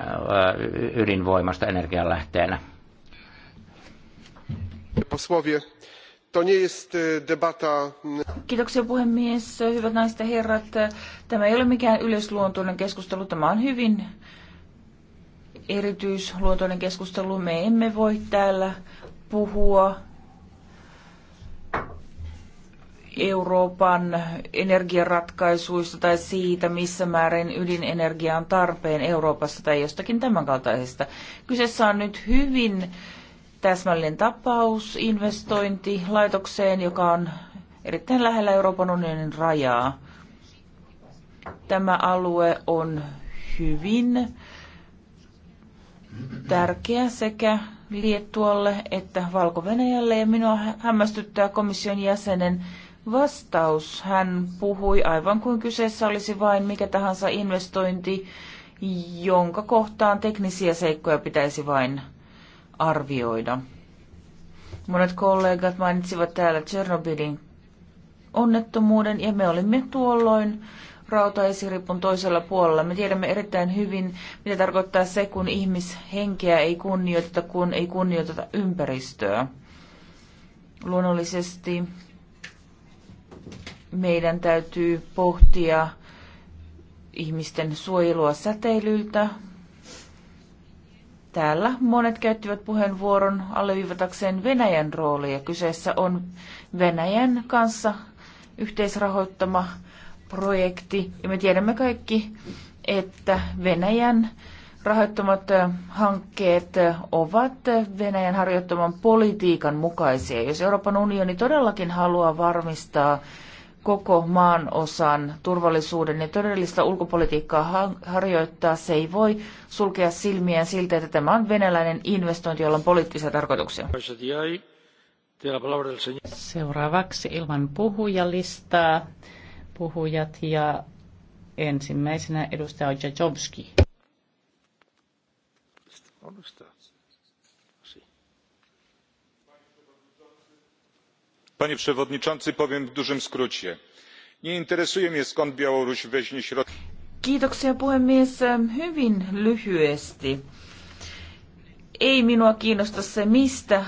ydinvoimasta energialähteenä. Posłowie, to nie jest debata... Kiitoksia puhemies, hyvät naiset ja herrat. Tämä ei ole mikään yleisluontoinen keskustelu, tämä on hyvin erityisluontoinen keskustelu. Me emme voi täällä puhua Euroopan energiaratkaisuista tai siitä, missä määrin ydinenergia on tarpeen Euroopassa tai jostakin tämänkaltaisesta. Kyseessä on nyt hyvin täsmällinen tapaus, investointi laitokseen, joka on erittäin lähellä Euroopan unionin rajaa. Tämä alue on hyvin tärkeä sekä Liettualle että valko -Venäjälle. ja minua hämmästyttää komission jäsenen vastaus. Hän puhui aivan kuin kyseessä olisi vain mikä tahansa investointi, jonka kohtaan teknisiä seikkoja pitäisi vain arvioida. Monet kollegat mainitsivat täällä Tchernobylin onnettomuuden ja me olimme tuolloin rautaesiripun toisella puolella. Me tiedämme erittäin hyvin, mitä tarkoittaa se, kun ihmishenkeä ei kunnioiteta, kun ei kunnioiteta ympäristöä. Luonnollisesti meidän täytyy pohtia ihmisten suojelua säteilyltä. Täällä monet käyttivät puheenvuoron alleviivatakseen Venäjän roolia. Kyseessä on Venäjän kanssa yhteisrahoittama projekti. Ja me tiedämme kaikki, että Venäjän rahoittamat hankkeet ovat Venäjän harjoittaman politiikan mukaisia. Jos Euroopan unioni todellakin haluaa varmistaa koko maan osan turvallisuuden ja todellista ulkopolitiikkaa harjoittaa. Se ei voi sulkea silmiään siltä, että tämä on venäläinen investointi, jolla on poliittisia tarkoituksia. Seuraavaksi ilman puhujalistaa puhujat ja ensimmäisenä edustaja Jajovski. panie przewodniczący! powiem w dużym skrócie nie interesuje mnie skąd białoruś weźmie środki. kiitoksia puhemies hyvin lyhyesti. ei minua kiinnosta se mistä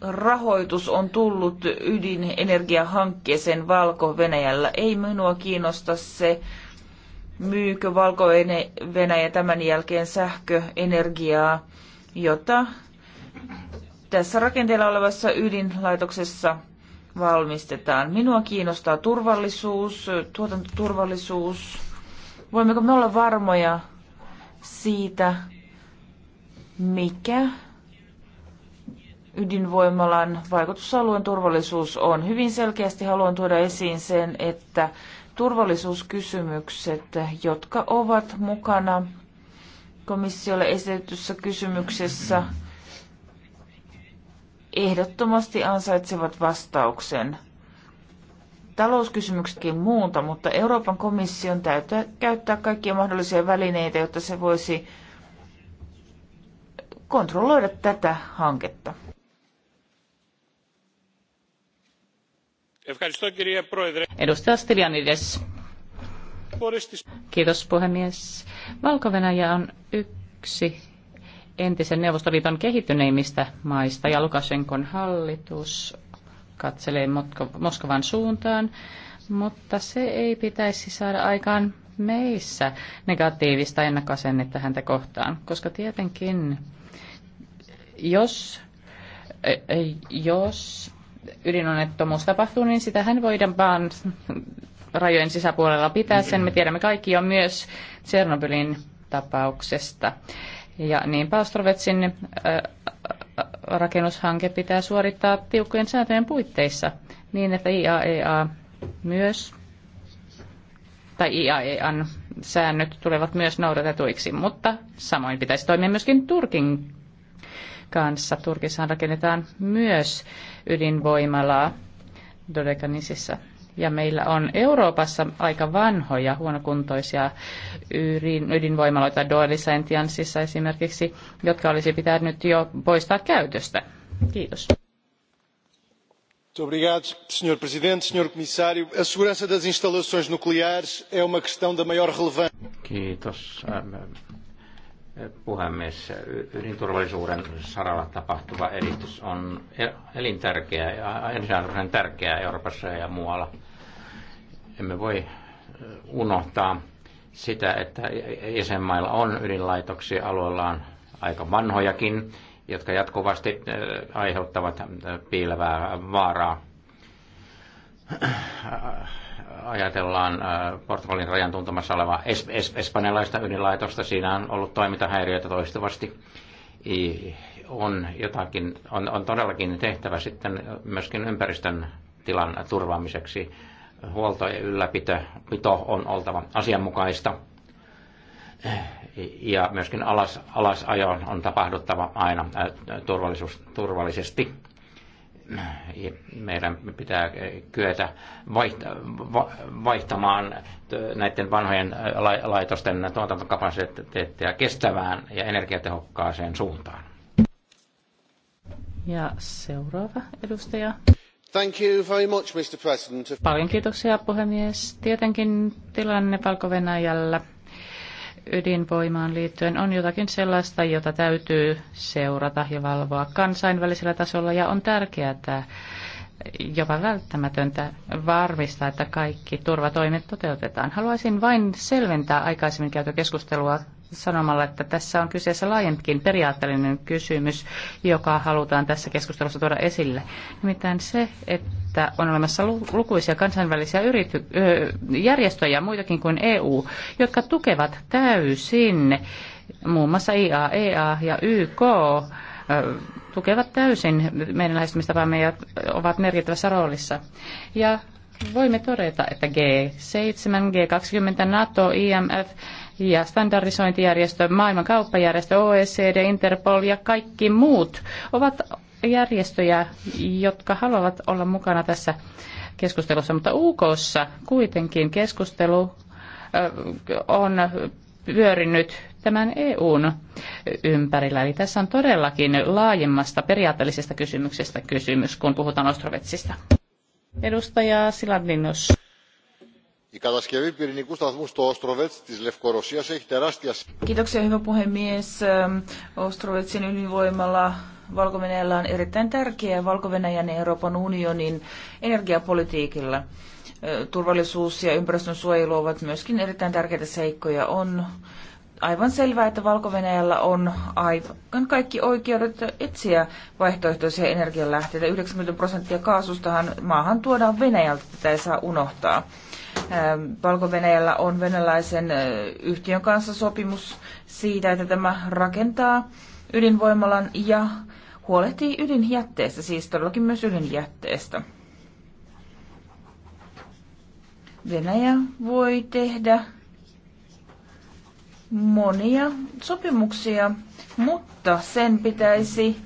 rahoitus on tullut ydinenergiahankkeeseen Valko-Venäjällä. Ei minua kiinnosta se, myykö Valko-Venäjä tämän jälkeen sähköenergiaa, jota tässä rakenteella olevassa ydinlaitoksessa valmistetaan. Minua kiinnostaa turvallisuus, tuotantoturvallisuus. Voimmeko me olla varmoja siitä, mikä ydinvoimalan vaikutusalueen turvallisuus on. Hyvin selkeästi haluan tuoda esiin sen, että turvallisuuskysymykset, jotka ovat mukana komissiolle esitetyssä kysymyksessä, mm ehdottomasti ansaitsevat vastauksen. Talouskysymyksetkin muuta, mutta Euroopan komission täytyy käyttää kaikkia mahdollisia välineitä, jotta se voisi kontrolloida tätä hanketta. Edustaja Stylianides. Kiitos puhemies. valko on yksi entisen Neuvostoliiton kehittyneimmistä maista ja Lukashenkon hallitus katselee Moskovan suuntaan, mutta se ei pitäisi saada aikaan meissä negatiivista ennakkoasennetta häntä kohtaan, koska tietenkin jos, e, e, jos ydinonnettomuus tapahtuu, niin sitähän voidaan vaan rajojen sisäpuolella pitää. Sen me tiedämme kaikki jo myös Tsernobylin tapauksesta. Ja niinpä Ostrovetsin rakennushanke pitää suorittaa tiukkojen sääntöjen puitteissa niin, että IAEA e myös tai IAEAn säännöt tulevat myös noudatetuiksi, mutta samoin pitäisi toimia myöskin Turkin kanssa. Turkissa rakennetaan myös ydinvoimalaa Dodekanisissa ja meillä on Euroopassa aika vanhoja huonokuntoisia ydinvoimaloita Doelissa, esimerkiksi, jotka olisi pitänyt jo poistaa käytöstä. Kiitos. Obrigado, Sr. Presidente, Sr. Comissário. A segurança das instalações nucleares é uma questão da maior relevância. Kiitos puhemies. Ydinturvallisuuden saralla tapahtuva edistys on e- elintärkeä ja ensiarvoisen tärkeää Euroopassa ja muualla. Emme voi unohtaa sitä, että jäsenmailla on ydinlaitoksia alueellaan aika vanhojakin, jotka jatkuvasti aiheuttavat piilevää vaaraa ajatellaan äh, portfolin rajan tuntumassa olevaa es- es- espanjalaista ydinlaitosta, siinä on ollut toimintahäiriöitä toistuvasti. On, jotakin, on, on todellakin tehtävä sitten myöskin ympäristön tilan turvaamiseksi. Huolto ja ylläpito on oltava asianmukaista ja myöskin alas, alasajo on tapahduttava aina äh, turvallisuus, turvallisesti meidän pitää kyetä vaihtamaan näiden vanhojen laitosten tuotantokapasiteettia kestävään ja energiatehokkaaseen suuntaan. Ja seuraava edustaja. Thank you very much, Mr. President. Paljon kiitoksia puhemies. Tietenkin tilanne Valko-Venäjällä ydinvoimaan liittyen on jotakin sellaista, jota täytyy seurata ja valvoa kansainvälisellä tasolla ja on tärkeää, että jopa välttämätöntä varmistaa, että kaikki turvatoimet toteutetaan. Haluaisin vain selventää aikaisemmin käyty keskustelua sanomalla, että tässä on kyseessä laajempikin periaatteellinen kysymys, joka halutaan tässä keskustelussa tuoda esille. Nimittäin se, että on olemassa lukuisia kansainvälisiä yrity- järjestöjä, muitakin kuin EU, jotka tukevat täysin muun muassa IAEA e ja YK tukevat täysin meidän lähestymistapaamme ja ovat merkittävässä roolissa. Ja voimme todeta, että G7, G20, NATO, IMF, ja standardisointijärjestö, maailman kauppajärjestö, OECD, Interpol ja kaikki muut ovat järjestöjä, jotka haluavat olla mukana tässä keskustelussa, mutta UKssa kuitenkin keskustelu on pyörinyt tämän EUn ympärillä. Eli tässä on todellakin laajemmasta periaatteellisesta kysymyksestä kysymys, kun puhutaan Ostrovetsista. Edustaja Siladlinnos. Η κατασκευή πυρηνικού σταθμού στο Όστροβετς της Λευκορωσίας έχει τεράστια... hyvä puhemies. Ostrovetsin ydinvoimalla valko on erittäin tärkeä valko ja Euroopan unionin energiapolitiikilla. Turvallisuus ja ympäristön suojelu ovat myöskin erittäin tärkeitä seikkoja. On aivan selvää, että valko on aivan kaikki oikeudet etsiä vaihtoehtoisia energianlähteitä. 90 prosenttia kaasustahan maahan tuodaan Venäjältä, tätä ei saa unohtaa valko on venäläisen yhtiön kanssa sopimus siitä, että tämä rakentaa ydinvoimalan ja huolehtii ydinjätteestä, siis todellakin myös ydinjätteestä. Venäjä voi tehdä monia sopimuksia, mutta sen pitäisi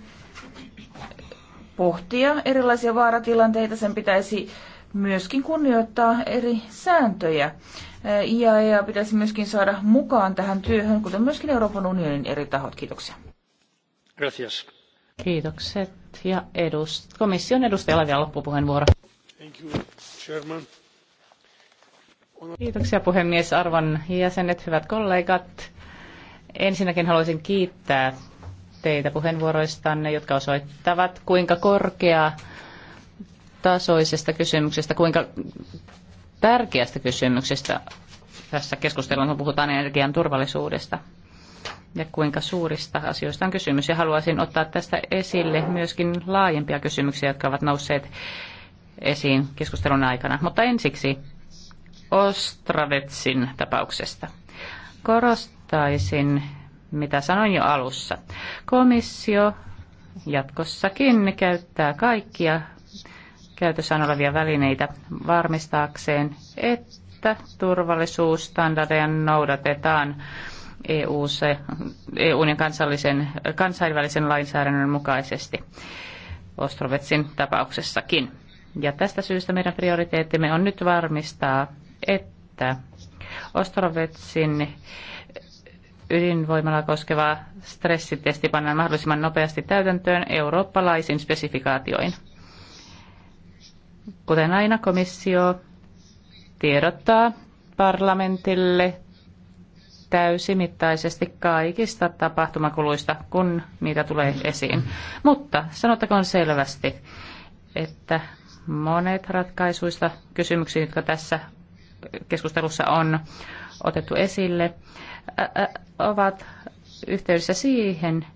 pohtia erilaisia vaaratilanteita, sen pitäisi äh, myöskin kunnioittaa eri sääntöjä. Ja, pitäisi myöskin saada mukaan tähän työhön, kuten myöskin Euroopan unionin eri tahot. Kiitoksia. Gracias. Kiitokset. Ja edust- komission edustajalla vielä loppupuheenvuoro. Thank you, chairman. Kiitoksia puhemies, arvon jäsenet, hyvät kollegat. Ensinnäkin haluaisin kiittää teitä puheenvuoroistanne, jotka osoittavat, kuinka korkea tasoisesta kysymyksestä, kuinka tärkeästä kysymyksestä tässä keskustelussa puhutaan energian turvallisuudesta ja kuinka suurista asioista on kysymys. Ja haluaisin ottaa tästä esille myöskin laajempia kysymyksiä, jotka ovat nousseet esiin keskustelun aikana. Mutta ensiksi Ostravetsin tapauksesta. Korostaisin, mitä sanoin jo alussa. Komissio jatkossakin käyttää kaikkia käytössään olevia välineitä varmistaakseen, että turvallisuusstandardeja noudatetaan EU-se, EUn ja kansallisen, kansainvälisen lainsäädännön mukaisesti Ostrovetsin tapauksessakin. Ja tästä syystä meidän prioriteettimme on nyt varmistaa, että Ostrovetsin ydinvoimalla koskeva stressitesti pannaan mahdollisimman nopeasti täytäntöön eurooppalaisin spesifikaatioin. Kuten aina komissio tiedottaa parlamentille täysimittaisesti kaikista tapahtumakuluista, kun niitä tulee esiin. Mutta sanottakoon selvästi, että monet ratkaisuista kysymyksiin, jotka tässä keskustelussa on otettu esille, ovat yhteydessä siihen,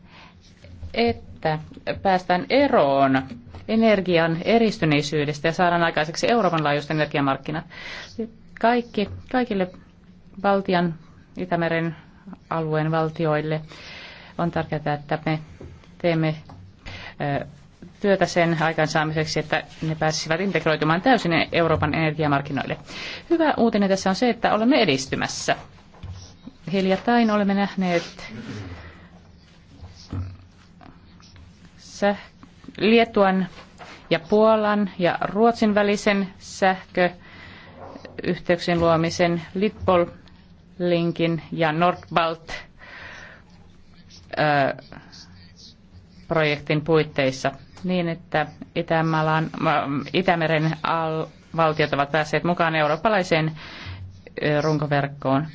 että päästään eroon energian eristyneisyydestä ja saadaan aikaiseksi Euroopan laajuiset energiamarkkinat. Kaikki, kaikille Baltian Itämeren alueen valtioille on tärkeää, että me teemme työtä sen aikaansaamiseksi, että ne pääsisivät integroitumaan täysin Euroopan energiamarkkinoille. Hyvä uutinen tässä on se, että olemme edistymässä. Hiljattain olemme nähneet säh- Lietuan ja Puolan ja Ruotsin välisen sähköyhteyksien luomisen Litpol-linkin ja Nordbalt projektin puitteissa niin, että Itämalan, Itämeren al- valtiot ovat päässeet mukaan eurooppalaiseen runkoverkkoon.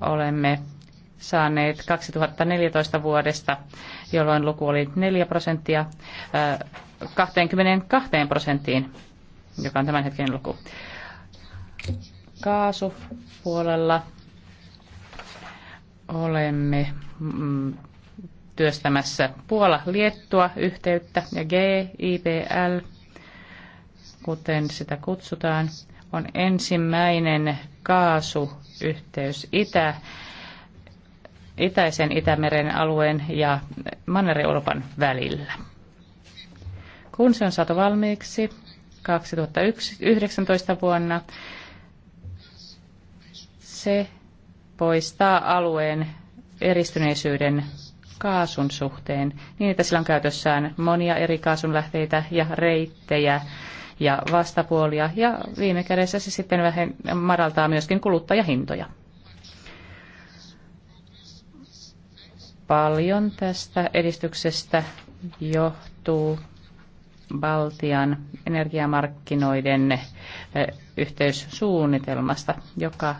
Olemme saaneet 2014 vuodesta jolloin luku oli 4 prosenttia, 22 äh, prosenttiin, joka on tämän hetken luku. Kaasupuolella olemme mm, työstämässä Puola-Liettua yhteyttä ja GIPL, kuten sitä kutsutaan, on ensimmäinen kaasuyhteys Itä- itäisen Itämeren alueen ja Manner-Euroopan välillä. Kun se on saatu valmiiksi 2019 vuonna, se poistaa alueen eristyneisyyden kaasun suhteen niin, että sillä on käytössään monia eri kaasunlähteitä ja reittejä ja vastapuolia ja viime kädessä se sitten vähän madaltaa myöskin kuluttajahintoja. Paljon tästä edistyksestä johtuu Baltian energiamarkkinoiden eh, yhteyssuunnitelmasta, joka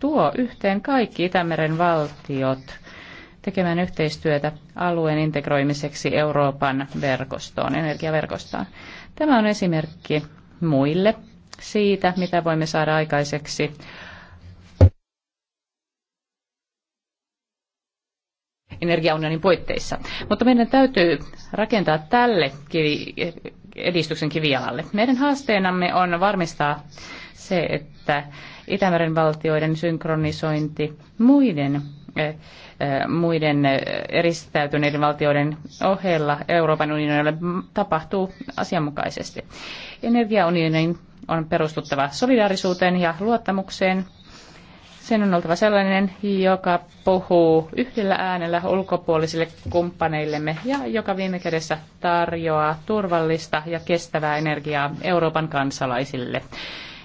tuo yhteen kaikki Itämeren valtiot tekemään yhteistyötä alueen integroimiseksi Euroopan verkostoon, energiaverkostoon. Tämä on esimerkki muille siitä, mitä voimme saada aikaiseksi energiaunionin puitteissa. Mutta meidän täytyy rakentaa tälle kivi, edistyksen kivijalalle. Meidän haasteenamme on varmistaa se, että Itämeren valtioiden synkronisointi muiden eh, eh, muiden eh, eristäytyneiden valtioiden ohella Euroopan unionille tapahtuu asianmukaisesti. Energiaunionin on perustuttava solidaarisuuteen ja luottamukseen sen on oltava sellainen, joka puhuu yhdellä äänellä ulkopuolisille kumppaneillemme ja joka viime kädessä tarjoaa turvallista ja kestävää energiaa Euroopan kansalaisille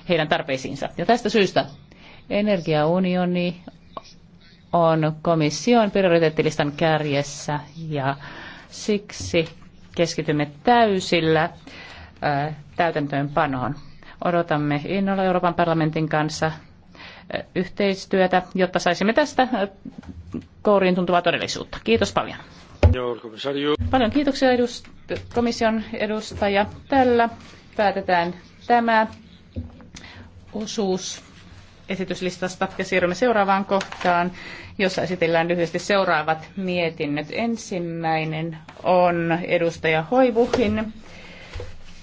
heidän tarpeisiinsa. Ja tästä syystä energiaunioni on komission prioriteettilistan kärjessä ja siksi keskitymme täysillä täytäntöönpanoon. Odotamme innolla Euroopan parlamentin kanssa yhteistyötä, jotta saisimme tästä kouriin tuntuvaa todellisuutta. Kiitos paljon. Paljon kiitoksia edust- komission edustaja. Tällä päätetään tämä osuus esityslistasta ja siirrymme seuraavaan kohtaan, jossa esitellään lyhyesti seuraavat mietinnöt. Ensimmäinen on edustaja Hoivuhin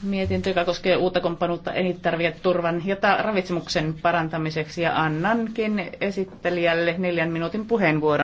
mietintö, joka koskee uutta komppanuutta elintarviketurvan ja ravitsemuksen parantamiseksi ja annankin esittelijälle neljän minuutin puheenvuoron.